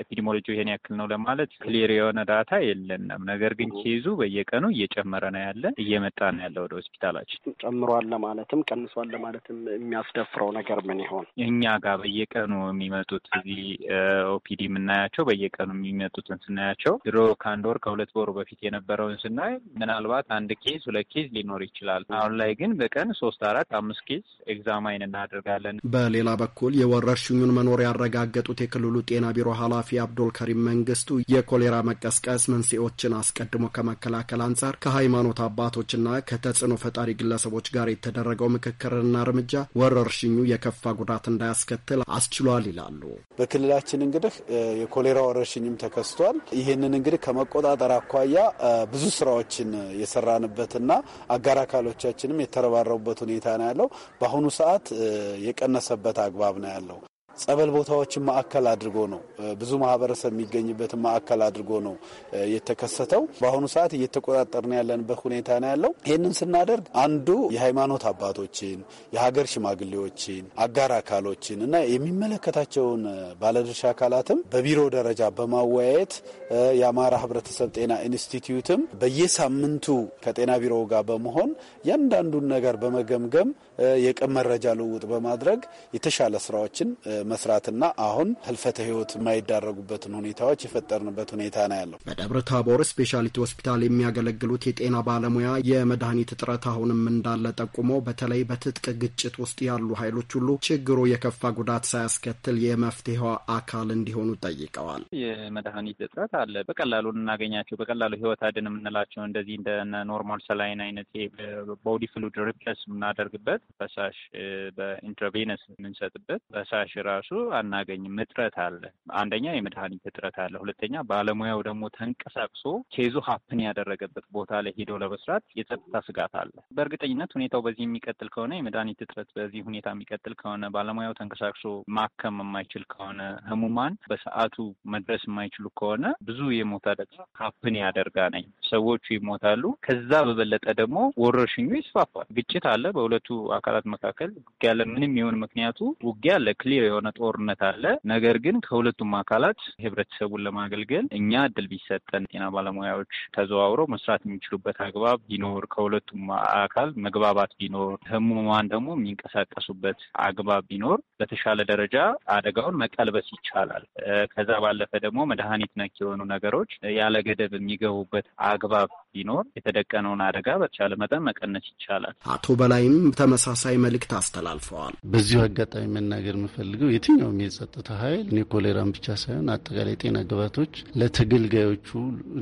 ኤፒዲሞሎጂ ይሄን ያክል ነው ለማለት ክሊር የሆነ ዳታ የለንም። ነገር ግን ሲይዙ በየቀኑ እየጨመረ ነው ያለ እየመጣ ነው ያለ ወደ ሆስፒታላችን ጨምሯል ለማለትም ቀንሷል ደርሷል ለማለትም የሚያስደፍረው ነገር ምን ይሆን? እኛ ጋር በየቀኑ የሚመጡት እዚህ ኦፒዲ የምናያቸው በየቀኑ የሚመጡትን ስናያቸው ድሮ ከአንድ ወር ከሁለት ወር በፊት የነበረውን ስናይ ምናልባት አንድ ኬዝ ሁለት ኬዝ ሊኖር ይችላል። አሁን ላይ ግን በቀን ሶስት አራት አምስት ኬዝ ኤግዛማይን እናደርጋለን። በሌላ በኩል የወረርሽኙን መኖር ያረጋገጡት የክልሉ ጤና ቢሮ ኃላፊ ከሪም መንግስቱ የኮሌራ መቀስቀስ መንስኤዎችን አስቀድሞ ከመከላከል አንጻር ከሃይማኖት አባቶችና ከተጽዕኖ ፈጣሪ ግለሰቦች ጋር የተደረገው ምክክር አሰራርና እርምጃ ወረርሽኙ የከፋ ጉዳት እንዳያስከትል አስችሏል ይላሉ። በክልላችን እንግዲህ የኮሌራ ወረርሽኝም ተከስቷል። ይህንን እንግዲህ ከመቆጣጠር አኳያ ብዙ ስራዎችን የሰራንበትና አጋር አካሎቻችንም የተረባረቡበት ሁኔታ ነው ያለው። በአሁኑ ሰዓት የቀነሰበት አግባብ ነው ያለው። ጸበል ቦታዎችን ማዕከል አድርጎ ነው ብዙ ማህበረሰብ የሚገኝበት ማዕከል አድርጎ ነው የተከሰተው። በአሁኑ ሰዓት እየተቆጣጠርን ያለንበት ሁኔታ ነው ያለው። ይህንን ስናደርግ አንዱ የሃይማኖት አባቶችን፣ የሀገር ሽማግሌዎችን፣ አጋር አካሎችን እና የሚመለከታቸውን ባለድርሻ አካላትም በቢሮ ደረጃ በማወያየት የአማራ ህብረተሰብ ጤና ኢንስቲትዩትም በየሳምንቱ ከጤና ቢሮ ጋር በመሆን እያንዳንዱን ነገር በመገምገም የቅም መረጃ ልውውጥ በማድረግ የተሻለ ስራዎችን መስራትና አሁን ህልፈተ ህይወት የማይዳረጉበትን ሁኔታዎች የፈጠርንበት ሁኔታ ነው ያለው። በደብረ ታቦር ስፔሻሊቲ ሆስፒታል የሚያገለግሉት የጤና ባለሙያ የመድኃኒት እጥረት አሁንም እንዳለ ጠቁሞ በተለይ በትጥቅ ግጭት ውስጥ ያሉ ኃይሎች ሁሉ ችግሩ የከፋ ጉዳት ሳያስከትል የመፍትሄዋ አካል እንዲሆኑ ጠይቀዋል። የመድኃኒት እጥረት አለ። በቀላሉ እናገኛቸው በቀላሉ ህይወት አድን የምንላቸው እንደዚህ እንደ ኖርማል ሰላይን አይነት ቦዲ ፍሉድ ሪፕለስ የምናደርግበት ፈሳሽ በኢንትራቬነስ የምንሰጥበት ፈሳሽ ራሱ አናገኝም፣ እጥረት አለ። አንደኛ የመድኃኒት እጥረት አለ። ሁለተኛ ባለሙያው ደግሞ ተንቀሳቅሶ ኬዙ ሀፕን ያደረገበት ቦታ ላይ ሄዶ ለመስራት የጸጥታ ስጋት አለ። በእርግጠኝነት ሁኔታው በዚህ የሚቀጥል ከሆነ የመድኃኒት እጥረት በዚህ ሁኔታ የሚቀጥል ከሆነ ባለሙያው ተንቀሳቅሶ ማከም የማይችል ከሆነ ህሙማን በሰዓቱ መድረስ የማይችሉ ከሆነ ብዙ የሞት አደጋ ሀፕን ያደርጋ ነኝ ሰዎቹ ይሞታሉ። ከዛ በበለጠ ደግሞ ወረርሽኙ ይስፋፋል። ግጭት አለ በሁለቱ አካላት መካከል ያለ ምንም የሆን ምክንያቱ ውጊያ አለ ክሊር የሆነ የሆነ ጦርነት አለ። ነገር ግን ከሁለቱም አካላት ህብረተሰቡን ለማገልገል እኛ እድል ቢሰጠን ጤና ባለሙያዎች ተዘዋውረው መስራት የሚችሉበት አግባብ ቢኖር፣ ከሁለቱም አካል መግባባት ቢኖር፣ ህሙማን ደግሞ የሚንቀሳቀሱበት አግባብ ቢኖር በተሻለ ደረጃ አደጋውን መቀልበስ ይቻላል። ከዛ ባለፈ ደግሞ መድኃኒት ነክ የሆኑ ነገሮች ያለ ገደብ የሚገቡበት አግባብ ቢኖር የተደቀነውን አደጋ በተቻለ መጠን መቀነስ ይቻላል። አቶ በላይም ተመሳሳይ መልእክት አስተላልፈዋል። በዚሁ አጋጣሚ መናገር የምፈልገው የትኛውም የጸጥታ ኃይል እኔ ኮሌራን ብቻ ሳይሆን አጠቃላይ ጤና ግባቶች ለተገልጋዮቹ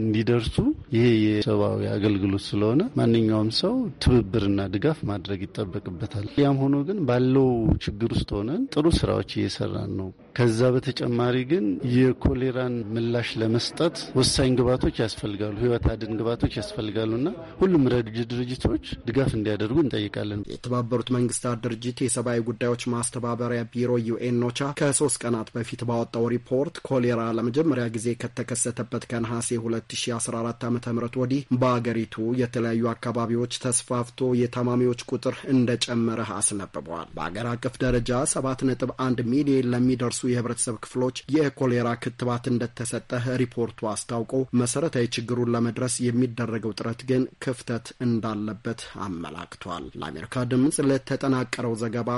እንዲደርሱ ይሄ የሰብአዊ አገልግሎት ስለሆነ ማንኛውም ሰው ትብብርና ድጋፍ ማድረግ ይጠበቅበታል። ያም ሆኖ ግን ባለው ችግር ውስጥ ሆነን ጥሩ ስራዎች እየሰራን ነው። ከዛ በተጨማሪ ግን የኮሌራን ምላሽ ለመስጠት ወሳኝ ግባቶች ያስፈልጋሉ። ህይወት አድን ግባቶች ያስፈልጋሉና ሁሉም ረድጅ ድርጅቶች ድጋፍ እንዲያደርጉ እንጠይቃለን። የተባበሩት መንግስታት ድርጅት የሰብአዊ ጉዳዮች ማስተባበሪያ ቢሮ ዩኤን ኖቻ ከሶስት ቀናት በፊት ባወጣው ሪፖርት ኮሌራ ለመጀመሪያ ጊዜ ከተከሰተበት ከነሐሴ 2014 ዓ ም ወዲህ በአገሪቱ የተለያዩ አካባቢዎች ተስፋፍቶ የታማሚዎች ቁጥር እንደጨመረ አስነብቧል። በአገር አቀፍ ደረጃ 7.1 ሚሊዮን ለሚደርሱ የህብረተሰብ ክፍሎች የኮሌራ ክትባት እንደተሰጠ ሪፖርቱ አስታውቆ መሰረታዊ ችግሩን ለመድረስ የሚደረ የሚደረገው ጥረት ግን ክፍተት እንዳለበት አመላክቷል። ለአሜሪካ ድምፅ ለተጠናቀረው ዘገባ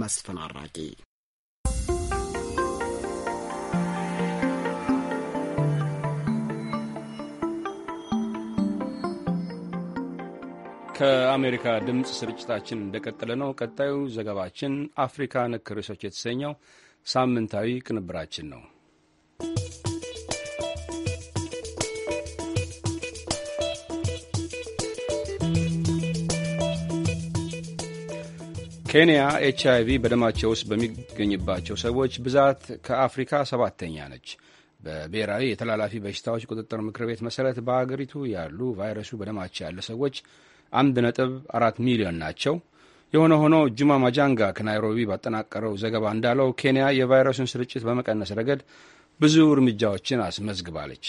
መስፍን አራቂ። ከአሜሪካ ድምፅ ስርጭታችን እንደቀጠለ ነው። ቀጣዩ ዘገባችን አፍሪካ ነክ ርዕሶች የተሰኘው ሳምንታዊ ቅንብራችን ነው። ኬንያ ኤች አይ ቪ በደማቸው ውስጥ በሚገኝባቸው ሰዎች ብዛት ከአፍሪካ ሰባተኛ ነች። በብሔራዊ የተላላፊ በሽታዎች ቁጥጥር ምክር ቤት መሠረት በአገሪቱ ያሉ ቫይረሱ በደማቸው ያለ ሰዎች አንድ ነጥብ አራት ሚሊዮን ናቸው። የሆነ ሆኖ ጁማ ማጃንጋ ከናይሮቢ ባጠናቀረው ዘገባ እንዳለው ኬንያ የቫይረሱን ስርጭት በመቀነስ ረገድ ብዙ እርምጃዎችን አስመዝግባለች።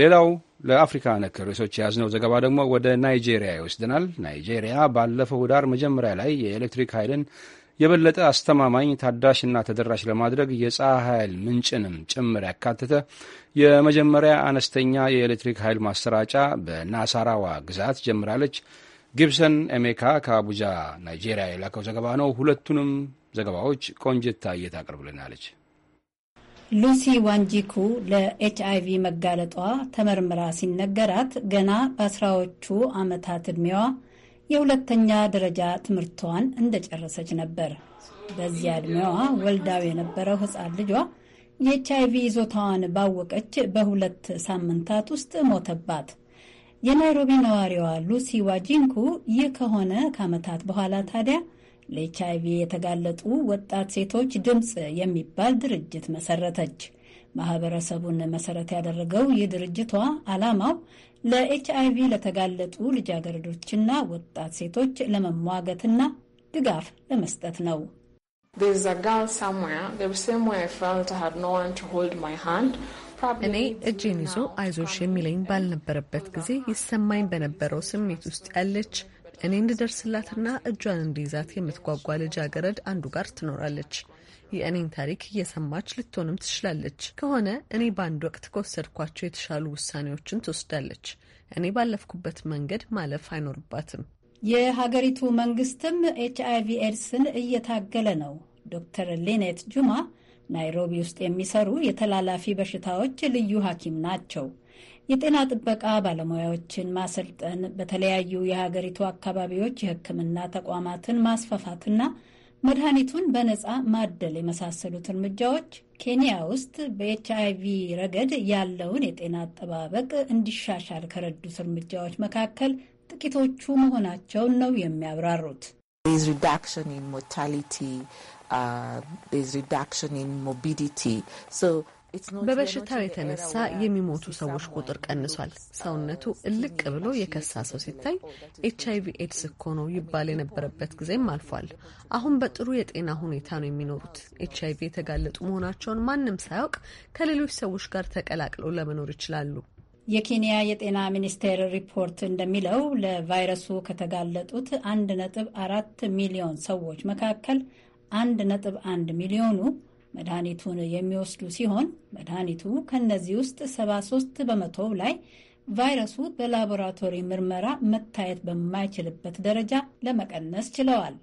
ሌላው ለአፍሪካ ነክ ርዕሶች የያዝነው ዘገባ ደግሞ ወደ ናይጄሪያ ይወስደናል። ናይጄሪያ ባለፈው ኅዳር መጀመሪያ ላይ የኤሌክትሪክ ኃይልን የበለጠ አስተማማኝ ታዳሽና ተደራሽ ለማድረግ የፀሐይ ኃይል ምንጭንም ጭምር ያካተተ የመጀመሪያ አነስተኛ የኤሌክትሪክ ኃይል ማሰራጫ በናሳራዋ ግዛት ጀምራለች። ጊብሰን ኤሜካ ከአቡጃ ናይጄሪያ የላከው ዘገባ ነው። ሁለቱንም ዘገባዎች ቆንጅት ታየ ሉሲ ዋንጂኩ ለኤች ቪ መጋለጧ ተመርምራ ሲነገራት ገና በአስራዎቹ ዓመታት ዕድሜዋ የሁለተኛ ደረጃ ትምህርቷን እንደጨረሰች ነበር። በዚያ ዕድሜዋ ወልዳው የነበረው ሕፃን ልጇ የኤች አይቪ ይዞታዋን ባወቀች በሁለት ሳምንታት ውስጥ ሞተባት። የናይሮቢ ነዋሪዋ ሉሲ ዋጂንኩ ይህ ከሆነ ከዓመታት በኋላ ታዲያ ለኤች የተጋለጡ ወጣት ሴቶች ድምፅ የሚባል ድርጅት መሰረተች። ማህበረሰቡን መሰረት ያደረገው ይህ ድርጅቷ ዓላማው ለኤችአይቪ ለተጋለጡ ልጃገረዶችና ወጣት ሴቶች ለመሟገትና ድጋፍ ለመስጠት ነው። እኔ እጄን ይዞ አይዞሽ የሚለኝ ባልነበረበት ጊዜ ይሰማኝ በነበረው ስሜት ውስጥ ያለች እኔ እንድደርስላትና እጇን እንዲይዛት የምትጓጓ ልጃገረድ አንዱ ጋር ትኖራለች። የእኔን ታሪክ እየሰማች ልትሆንም ትችላለች። ከሆነ እኔ በአንድ ወቅት ከወሰድኳቸው የተሻሉ ውሳኔዎችን ትወስዳለች። እኔ ባለፍኩበት መንገድ ማለፍ አይኖርባትም። የሀገሪቱ መንግስትም ኤች ቪ ኤድስን እየታገለ ነው። ዶክተር ሊኔት ጁማ ናይሮቢ ውስጥ የሚሰሩ የተላላፊ በሽታዎች ልዩ ሐኪም ናቸው። የጤና ጥበቃ ባለሙያዎችን ማሰልጠን፣ በተለያዩ የሀገሪቱ አካባቢዎች የሕክምና ተቋማትን ማስፋፋትና መድኃኒቱን በነጻ ማደል የመሳሰሉት እርምጃዎች ኬንያ ውስጥ በኤች ረገድ ያለውን የጤና አጠባበቅ እንዲሻሻል ከረዱት እርምጃዎች መካከል ጥቂቶቹ መሆናቸውን ነው የሚያብራሩት። ሪዳክሽን ሞርታሊቲ ሪዳክሽን ኢን ሞቢዲቲ በበሽታው የተነሳ የሚሞቱ ሰዎች ቁጥር ቀንሷል። ሰውነቱ እልቅ ብሎ የከሳ ሰው ሲታይ ኤች አይቪ ኤድስ እኮ ነው ይባል የነበረበት ጊዜም አልፏል። አሁን በጥሩ የጤና ሁኔታ ነው የሚኖሩት። ኤች አይቪ የተጋለጡ መሆናቸውን ማንም ሳያውቅ ከሌሎች ሰዎች ጋር ተቀላቅለው ለመኖር ይችላሉ። የኬንያ የጤና ሚኒስቴር ሪፖርት እንደሚለው ለቫይረሱ ከተጋለጡት ነጥብ አራት ሚሊዮን ሰዎች መካከል ነጥብ አንድ ሚሊዮኑ መድኃኒቱን የሚወስዱ ሲሆን መድኃኒቱ ከእነዚህ ውስጥ 73 በመቶ ላይ ቫይረሱ በላቦራቶሪ ምርመራ መታየት በማይችልበት ደረጃ ለመቀነስ ችለዋል።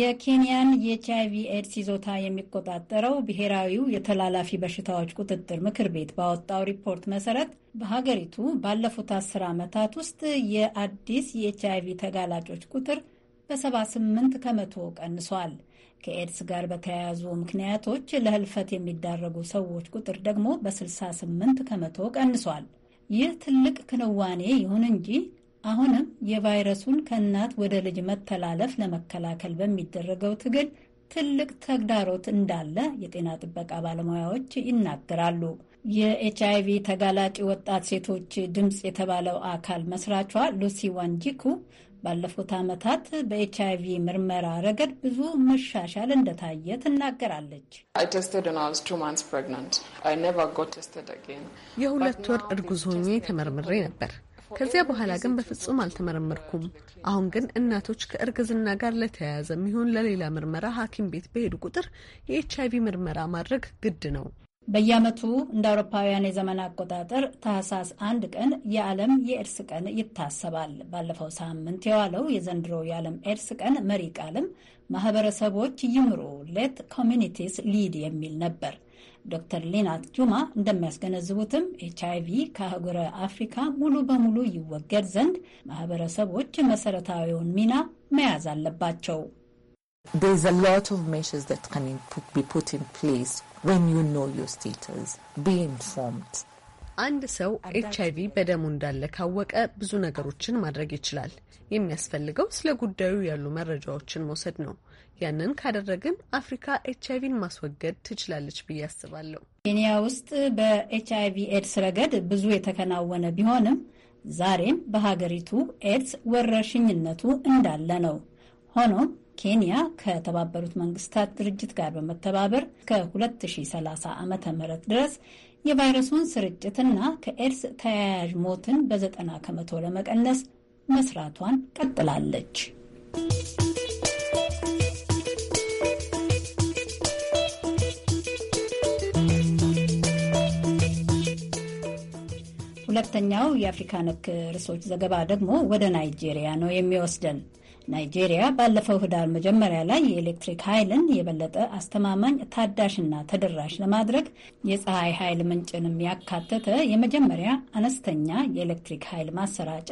የኬንያን የኤች አይቪ ኤድስ ይዞታ የሚቆጣጠረው ብሔራዊው የተላላፊ በሽታዎች ቁጥጥር ምክር ቤት ባወጣው ሪፖርት መሰረት በሀገሪቱ ባለፉት አስር ዓመታት ውስጥ የአዲስ የኤች አይቪ ተጋላጮች ቁጥር በ78 ከመቶ ቀንሷል። ከኤድስ ጋር በተያያዙ ምክንያቶች ለህልፈት የሚዳረጉ ሰዎች ቁጥር ደግሞ በ68 ከመቶ ቀንሷል። ይህ ትልቅ ክንዋኔ ይሁን እንጂ አሁንም የቫይረሱን ከእናት ወደ ልጅ መተላለፍ ለመከላከል በሚደረገው ትግል ትልቅ ተግዳሮት እንዳለ የጤና ጥበቃ ባለሙያዎች ይናገራሉ። የኤች አይቪ ተጋላጭ ወጣት ሴቶች ድምፅ የተባለው አካል መስራቿ ሉሲ ዋንጂኩ ባለፉት ዓመታት በኤች አይቪ ምርመራ ረገድ ብዙ መሻሻል እንደታየ ትናገራለች። የሁለት ወር እርጉዝ ሆኜ ተመርምሬ ነበር። ከዚያ በኋላ ግን በፍጹም አልተመረመርኩም። አሁን ግን እናቶች ከእርግዝና ጋር ለተያያዘ የሚሆን ለሌላ ምርመራ ሐኪም ቤት በሄዱ ቁጥር የኤች አይቪ ምርመራ ማድረግ ግድ ነው። በየዓመቱ እንደ አውሮፓውያን የዘመን አቆጣጠር ታህሳስ አንድ ቀን የዓለም የኤድስ ቀን ይታሰባል። ባለፈው ሳምንት የዋለው የዘንድሮ የዓለም ኤድስ ቀን መሪ ቃልም ማህበረሰቦች ይምሩ ሌት ኮሚኒቲስ ሊድ የሚል ነበር። ዶክተር ሊናት ጁማ እንደሚያስገነዝቡትም ኤች አይቪ ከአህጉረ አፍሪካ ሙሉ በሙሉ ይወገድ ዘንድ ማህበረሰቦች መሰረታዊውን ሚና መያዝ አለባቸው። when አንድ ሰው ኤች ቪ በደሙ እንዳለ ካወቀ ብዙ ነገሮችን ማድረግ ይችላል። የሚያስፈልገው ስለ ጉዳዩ ያሉ መረጃዎችን መውሰድ ነው። ያንን ካደረግን አፍሪካ ኤች አይቪን ማስወገድ ትችላለች ብዬ አስባለሁ። ኬንያ ውስጥ በኤች አይቪ ኤድስ ረገድ ብዙ የተከናወነ ቢሆንም ዛሬም በሀገሪቱ ኤድስ ወረርሽኝነቱ እንዳለ ነው። ሆኖም ኬንያ ከተባበሩት መንግስታት ድርጅት ጋር በመተባበር ከ2030 ም ድረስ የቫይረሱን ስርጭትና ከኤድስ ተያያዥ ሞትን በዘጠና ከመቶ ለመቀነስ መስራቷን ቀጥላለች። ሁለተኛው የአፍሪካ ነክ ርዕሶች ዘገባ ደግሞ ወደ ናይጄሪያ ነው የሚወስደን። ናይጄሪያ ባለፈው ህዳር መጀመሪያ ላይ የኤሌክትሪክ ኃይልን የበለጠ አስተማማኝ ታዳሽና ተደራሽ ለማድረግ የፀሐይ ኃይል ምንጭንም ያካተተ የመጀመሪያ አነስተኛ የኤሌክትሪክ ኃይል ማሰራጫ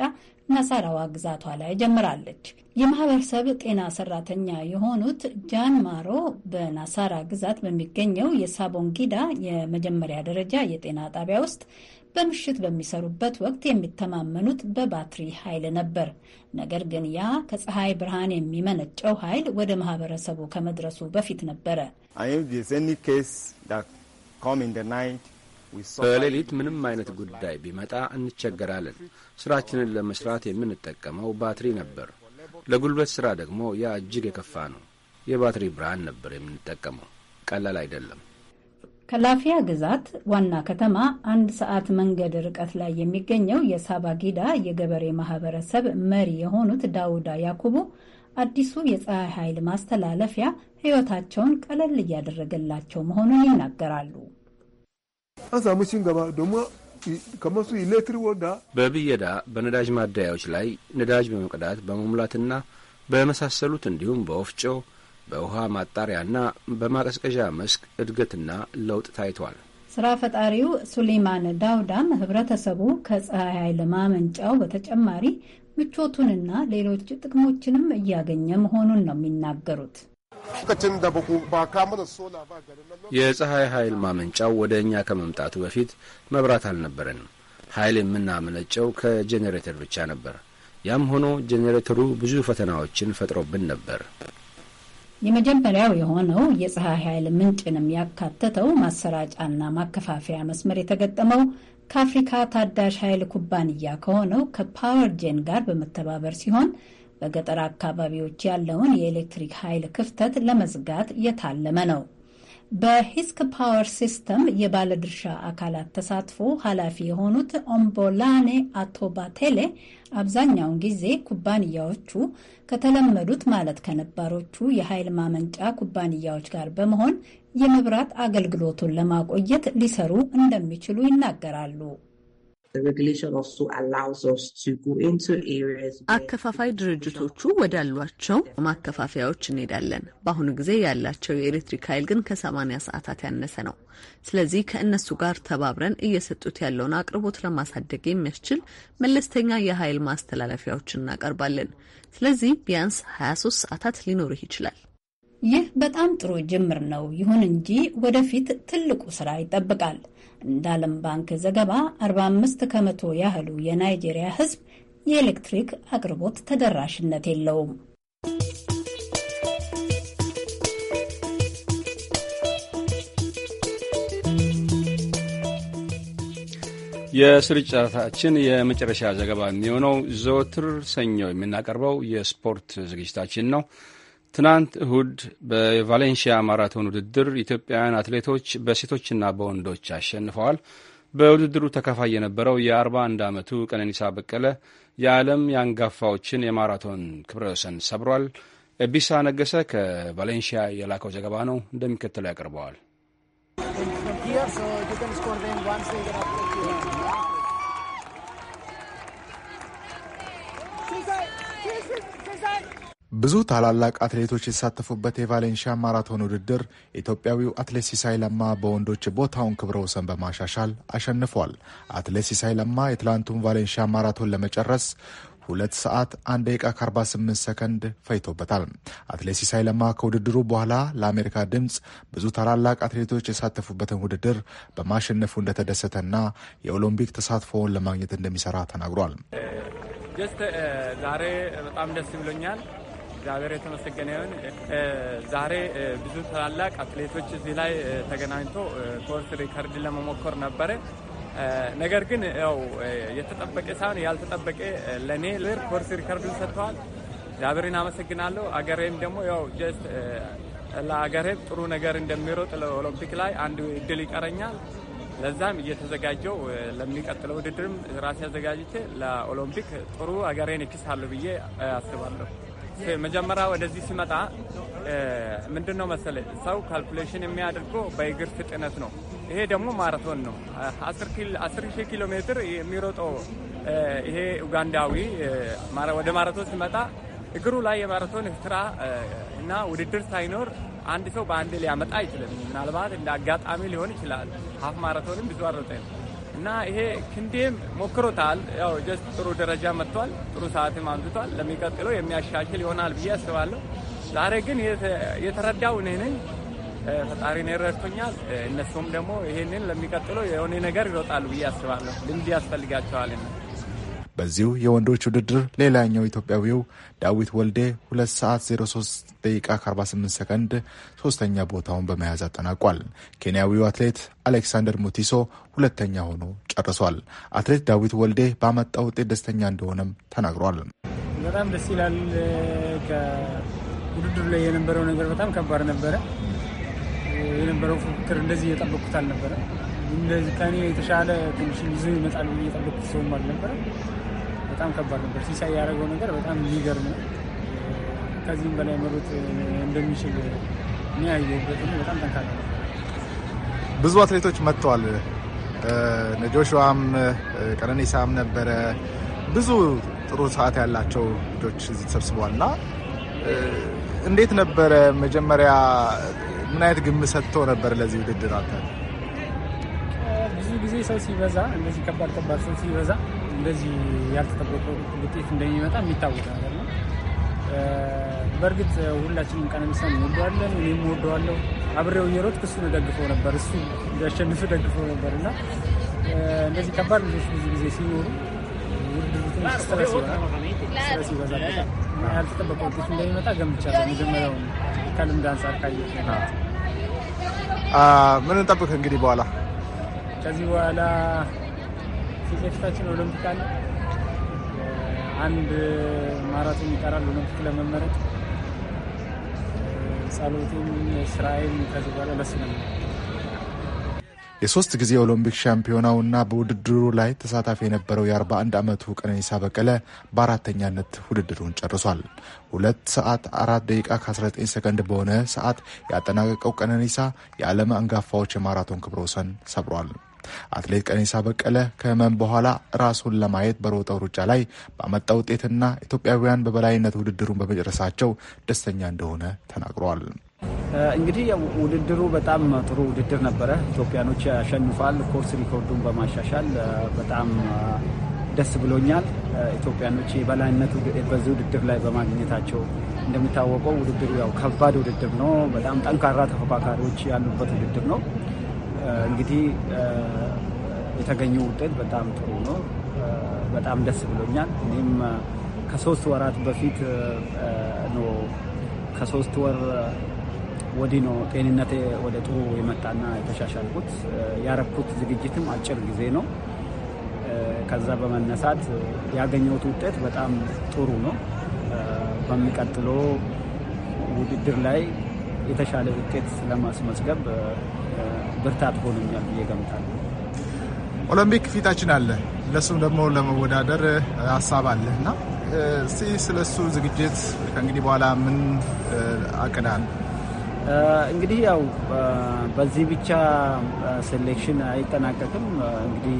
ናሳራዋ ግዛቷ ላይ ጀምራለች። የማህበረሰብ ጤና ሰራተኛ የሆኑት ጃን ማሮ በናሳራ ግዛት በሚገኘው የሳቦንጊዳ የመጀመሪያ ደረጃ የጤና ጣቢያ ውስጥ በምሽት በሚሰሩበት ወቅት የሚተማመኑት በባትሪ ኃይል ነበር። ነገር ግን ያ ከፀሐይ ብርሃን የሚመነጨው ኃይል ወደ ማህበረሰቡ ከመድረሱ በፊት ነበረ። በሌሊት ምንም አይነት ጉዳይ ቢመጣ እንቸገራለን። ስራችንን ለመስራት የምንጠቀመው ባትሪ ነበር። ለጉልበት ስራ ደግሞ ያ እጅግ የከፋ ነው። የባትሪ ብርሃን ነበር የምንጠቀመው። ቀላል አይደለም። ከላፊያ ግዛት ዋና ከተማ አንድ ሰዓት መንገድ ርቀት ላይ የሚገኘው የሳባጊዳ የገበሬ ማህበረሰብ መሪ የሆኑት ዳውዳ ያኩቡ አዲሱ የፀሐይ ኃይል ማስተላለፊያ ሕይወታቸውን ቀለል እያደረገላቸው መሆኑን ይናገራሉ። በብየዳ በነዳጅ ማደያዎች ላይ ነዳጅ በመቅዳት በመሙላትና በመሳሰሉት እንዲሁም በወፍጮ በውሃ ማጣሪያና በማቀዝቀዣ መስክ እድገትና ለውጥ ታይቷል። ስራ ፈጣሪው ሱሌማን ዳውዳም ህብረተሰቡ ከፀሐይ ኃይል ማመንጫው በተጨማሪ ምቾቱንና ሌሎች ጥቅሞችንም እያገኘ መሆኑን ነው የሚናገሩት። የፀሐይ ኃይል ማመንጫው ወደ እኛ ከመምጣቱ በፊት መብራት አልነበረንም። ኃይል የምናመነጨው ከጄኔሬተር ብቻ ነበር። ያም ሆኖ ጄኔሬተሩ ብዙ ፈተናዎችን ፈጥሮብን ነበር። የመጀመሪያው የሆነው የፀሐይ ኃይል ምንጭንም ያካተተው ማሰራጫና ማከፋፈያ መስመር የተገጠመው ከአፍሪካ ታዳሽ ኃይል ኩባንያ ከሆነው ከፓወር ጄን ጋር በመተባበር ሲሆን በገጠር አካባቢዎች ያለውን የኤሌክትሪክ ኃይል ክፍተት ለመዝጋት የታለመ ነው። በሂስክ ፓወር ሲስተም የባለድርሻ አካላት ተሳትፎ ኃላፊ የሆኑት ኦምቦላኔ አቶባቴሌ አብዛኛውን ጊዜ ኩባንያዎቹ ከተለመዱት ማለት ከነባሮቹ የኃይል ማመንጫ ኩባንያዎች ጋር በመሆን የመብራት አገልግሎቱን ለማቆየት ሊሰሩ እንደሚችሉ ይናገራሉ። አከፋፋይ ድርጅቶቹ ወዳሏቸው ማከፋፈያዎች እንሄዳለን። በአሁኑ ጊዜ ያላቸው የኤሌክትሪክ ኃይል ግን ከሰማንያ ሰዓታት ያነሰ ነው። ስለዚህ ከእነሱ ጋር ተባብረን እየሰጡት ያለውን አቅርቦት ለማሳደግ የሚያስችል መለስተኛ የኃይል ማስተላለፊያዎች እናቀርባለን። ስለዚህ ቢያንስ 23 ሰዓታት ሊኖርህ ይችላል። ይህ በጣም ጥሩ ጅምር ነው። ይሁን እንጂ ወደፊት ትልቁ ስራ ይጠብቃል። እንደ ዓለም ባንክ ዘገባ 45 ከመቶ ያህሉ የናይጄሪያ ሕዝብ የኤሌክትሪክ አቅርቦት ተደራሽነት የለውም። የስርጭታችን የመጨረሻ ዘገባ የሚሆነው ዘወትር ሰኞ የምናቀርበው የስፖርት ዝግጅታችን ነው። ትናንት እሁድ በቫሌንሺያ ማራቶን ውድድር ኢትዮጵያውያን አትሌቶች በሴቶችና በወንዶች አሸንፈዋል። በውድድሩ ተካፋይ የነበረው የ41 ዓመቱ ቀነኒሳ በቀለ የዓለም የአንጋፋዎችን የማራቶን ክብረ ወሰን ሰብሯል። ኤቢሳ ነገሰ ከቫሌንሺያ የላከው ዘገባ ነው፣ እንደሚከተለው ያቀርበዋል። ብዙ ታላላቅ አትሌቶች የተሳተፉበት የቫሌንሺያ ማራቶን ውድድር ኢትዮጵያዊው አትሌት ሲሳይ ለማ በወንዶች ቦታውን ክብረ ወሰን በማሻሻል አሸንፏል። አትሌት ሲሳይ ለማ የትላንቱን ቫሌንሺያ ማራቶን ለመጨረስ ሁለት ሰዓት አንድ ደቂቃ ከ48 ሰከንድ ፈይቶበታል። አትሌት ሲሳይ ለማ ከውድድሩ በኋላ ለአሜሪካ ድምፅ ብዙ ታላላቅ አትሌቶች የተሳተፉበትን ውድድር በማሸነፉ እንደተደሰተና የኦሎምፒክ ተሳትፎውን ለማግኘት እንደሚሰራ ተናግሯል። ዛሬ በጣም ደስ ብሎኛል። እግዚአብሔር የተመሰገነ ይሁን። ዛሬ ብዙ ታላላቅ አትሌቶች እዚህ ላይ ተገናኝቶ ኮርስ ሪከርድ ለመሞከር ነበረ። ነገር ግን ያው የተጠበቀ ሳይሆን ያልተጠበቀ ለእኔ ልር ኮርስ ሪከርዱን ሰጥተዋል። እግዚአብሔርን አመሰግናለሁ። አገሬም ደግሞ ያው ጀስት ለአገሬ ጥሩ ነገር እንደሚሮጥ ለኦሎምፒክ ላይ አንድ እድል ይቀረኛል። ለዛም እየተዘጋጀው ለሚቀጥለው ውድድርም ራሴ አዘጋጅቼ ለኦሎምፒክ ጥሩ አገሬን ይክሳሉ ብዬ አስባለሁ። መጀመሪያ ወደዚህ ሲመጣ ምንድን ነው መሰለ ሰው ካልኩሌሽን የሚያደርገው በእግር ፍጥነት ነው። ይሄ ደግሞ ማራቶን ነው። አስር ሺህ ኪሎ ሜትር የሚሮጠው ይሄ ኡጋንዳዊ ወደ ማራቶን ሲመጣ እግሩ ላይ የማራቶን ስራ እና ውድድር ሳይኖር አንድ ሰው በአንድ ሊያመጣ አይችልም። ምናልባት እንደ አጋጣሚ ሊሆን ይችላል። ሀፍ ማራቶንም ብዙ አልሮጠም። እና ይሄ ክንዴም ሞክሮታል። ያው ጀስት ጥሩ ደረጃ መጥቷል። ጥሩ ሰዓትም አምጥቷል። ለሚቀጥለው የሚያሻሽል ይሆናል ብዬ አስባለሁ። ዛሬ ግን የተረዳው እኔ ነኝ። ፈጣሪ ነው ረድቶኛል። እነሱም ደግሞ ይሄንን ለሚቀጥለው የሆነ ነገር ይወጣሉ ብዬ አስባለሁ። ልምድ ያስፈልጋቸዋል። በዚሁ የወንዶች ውድድር ሌላኛው ኢትዮጵያዊው ዳዊት ወልዴ 2 ሰዓት 03 ደቂቃ ከ48 ሰከንድ ሶስተኛ ቦታውን በመያዝ አጠናቋል። ኬንያዊው አትሌት አሌክሳንደር ሙቲሶ ሁለተኛ ሆኖ ጨርሷል። አትሌት ዳዊት ወልዴ ባመጣው ውጤት ደስተኛ እንደሆነም ተናግሯል። በጣም ደስ ይላል። ከውድድሩ ላይ የነበረው ነገር በጣም ከባድ ነበረ። የነበረው ፉክክር እንደዚህ እየጠበቁት አልነበረ። ከኔ የተሻለ ትንሽ ይዞ ይመጣል እየጠበቁት ሰውም አልነበረ በጣም ከባድ ነበር። ሲሳይ ያደረገው ነገር በጣም የሚገርም ነው። ከዚህም በላይ መሮጥ እንደሚችል እኔ በጣም ጠንካራ ነው። ብዙ አትሌቶች መጥተዋል። ነጆሽዋም ቀነኒሳም ነበረ። ብዙ ጥሩ ሰዓት ያላቸው ልጆች እዚህ ተሰብስበዋል እና እንዴት ነበረ መጀመሪያ ምን አይነት ግምት ሰጥቶ ነበር ለዚህ ውድድር? አንተ ብዙ ጊዜ ሰው ሲበዛ እንደዚህ ከባድ ከባድ ሰው ሲበዛ እንደዚህ ያልተጠበቀ ውጤት እንደሚመጣ የሚታወቅ ነገር ነው። በእርግጥ ሁላችንም ቀነኒሳን እንወደዋለን፣ እኔም እወደዋለሁ። አብሬው እየሮጥኩ እሱን ደግፈው ነበር፣ እሱ እንዲያሸንፍ ደግፈው ነበር እና እንደዚህ ከባድ ልጆች ብዙ ጊዜ ሲኖሩ ውድድሩትን ስትረስ ይበዛል። ያልተጠበቀ ውጤት እንደሚመጣ ገምቻለሁ። መጀመሪያው ከልምድ አንጻር ካየሁት ምን እንጠብቅ እንግዲህ በኋላ ከዚህ በኋላ ፊት ለፊታችን ኦሎምፒክ አለ። አንድ ማራቶን ይቀራል ኦሎምፒክ ለመመረጥ። ጸሎቴም ስራዬም ከዚህ በኋላ ለሱ ነው። የሶስት ጊዜ ኦሎምፒክ እና በውድድሩ ላይ ተሳታፊ የነበረው የ41 ዓመቱ ቀነኒሳ በቀለ በአራተኛነት ውድድሩን ጨርሷል። ሁለት ሰዓት አራት ደቂቃ ከ19 ሰከንድ በሆነ ሰዓት ያጠናቀቀው ቀነኒሳ የዓለም አንጋፋዎች የማራቶን ክብረ ወሰን ሰብሯል። አትሌት ቀኒሳ በቀለ ከህመም በኋላ ራሱን ለማየት በሮጠው ሩጫ ላይ ባመጣ ውጤትና ኢትዮጵያውያን በበላይነት ውድድሩን በመጨረሳቸው ደስተኛ እንደሆነ ተናግረዋል። እንግዲህ ውድድሩ በጣም ጥሩ ውድድር ነበረ። ኢትዮጵያኖች ያሸንፋል። ኮርስ ሪኮርዱን በማሻሻል በጣም ደስ ብሎኛል። ኢትዮጵያኖች የበላይነት በዚህ ውድድር ላይ በማግኘታቸው እንደሚታወቀው ውድድሩ ያው ከባድ ውድድር ነው። በጣም ጠንካራ ተፎካካሪዎች ያሉበት ውድድር ነው። እንግዲህ የተገኘው ውጤት በጣም ጥሩ ነው። በጣም ደስ ብሎኛል። እኔም ከሶስት ወራት በፊት ነው ከሶስት ወር ወዲህ ነው ጤንነቴ ወደ ጥሩ የመጣና የተሻሻልኩት። ያረኩት ዝግጅትም አጭር ጊዜ ነው። ከዛ በመነሳት ያገኘሁት ውጤት በጣም ጥሩ ነው። በሚቀጥለው ውድድር ላይ የተሻለ ውጤት ለማስመዝገብ ብርታት ሆኖኛል ብዬ ገምታለሁ። ኦሎምፒክ ፊታችን አለ። ለሱም ደግሞ ለመወዳደር ሀሳብ አለ እና እስቲ ስለ እሱ ዝግጅት ከእንግዲህ በኋላ ምን አቅዳል? እንግዲህ ያው በዚህ ብቻ ሴሌክሽን አይጠናቀቅም። እንግዲህ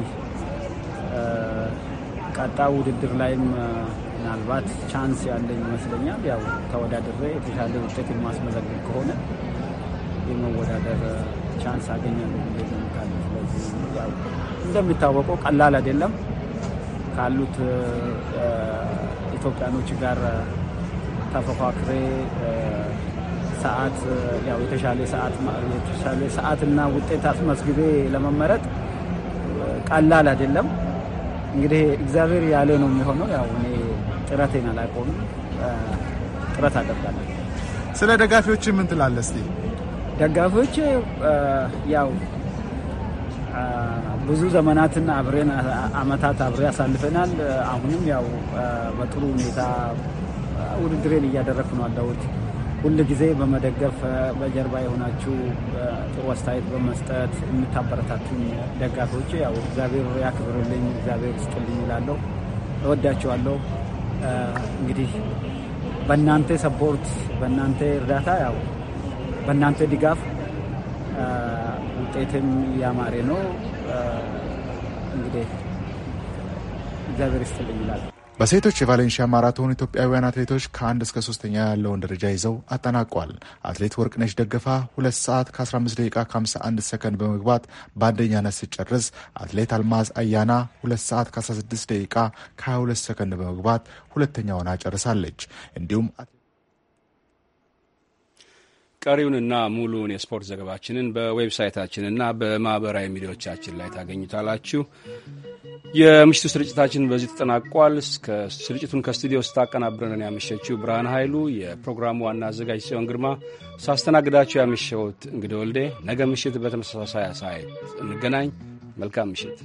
ቀጣይ ውድድር ላይም ምናልባት ቻንስ ያለኝ ይመስለኛል። ያው ተወዳድሬ የተሻለ ውጤት የማስመዘግብ ከሆነ የመወዳደር ቻንስ አገኘን። እንደሚታወቀው ቀላል አይደለም። ካሉት ኢትዮጵያኖች ጋር ተፎካክሬ ሰዓት ያው የተሻለ ሰዓት የተሻለ እና ውጤት አስመዝግቤ ለመመረጥ ቀላል አይደለም። እንግዲህ እግዚአብሔር ያለ ነው የሚሆነው። ያው እኔ ጥረቴን አላቆምም፣ ጥረት አደርጋለሁ። ስለ ደጋፊዎች ምን ትላለህ እስቲ? ደጋፊዎች ያው ብዙ ዘመናትን አብሬን አመታት አብሬ አሳልፈናል። አሁንም ያው በጥሩ ሁኔታ ውድድሬን እያደረግኩ ነው አለሁት። ሁል ጊዜ በመደገፍ በጀርባ የሆናችሁ ጥሩ አስተያየት በመስጠት የምታበረታቱኝ ደጋፊዎች ያው እግዚአብሔር ያክብርልኝ፣ እግዚአብሔር ስጥልኝ ይላለሁ። እወዳችኋለሁ። እንግዲህ በእናንተ ሰፖርት በእናንተ እርዳታ ያው በእናንተ ድጋፍ ውጤትም እያማረ ነው። እንግዲህ እግዚአብሔር ይስጥልኝ ይላል። በሴቶች የቫሌንሺያ ማራቶን ኢትዮጵያውያን አትሌቶች ከአንድ እስከ ሶስተኛ ያለውን ደረጃ ይዘው አጠናቋል። አትሌት ወርቅነሽ ደገፋ ሁለት ሰዓት ከ15 ደቂቃ ከ51 ሰከንድ በመግባት በአንደኛነት ስጨርስ፣ አትሌት አልማዝ አያና ሁለት ሰዓት ከ16 ደቂቃ ከ22 ሰከንድ በመግባት ሁለተኛ ሆና ጨርሳለች። እንዲሁም ቀሪውንና ሙሉውን የስፖርት ዘገባችንን በዌብሳይታችንና በማኅበራዊ ሚዲያዎቻችን ላይ ታገኙታላችሁ። የምሽቱ ስርጭታችን በዚህ ተጠናቋል። ስርጭቱን ከስቱዲዮ ስታቀናብረን ያመሸችው ብርሃን ኃይሉ፣ የፕሮግራሙ ዋና አዘጋጅ ጽዮን ግርማ፣ ሳስተናግዳችሁ ያመሸሁት እንግዲ ወልዴ። ነገ ምሽት በተመሳሳይ ሰዓት እንገናኝ። መልካም ምሽት።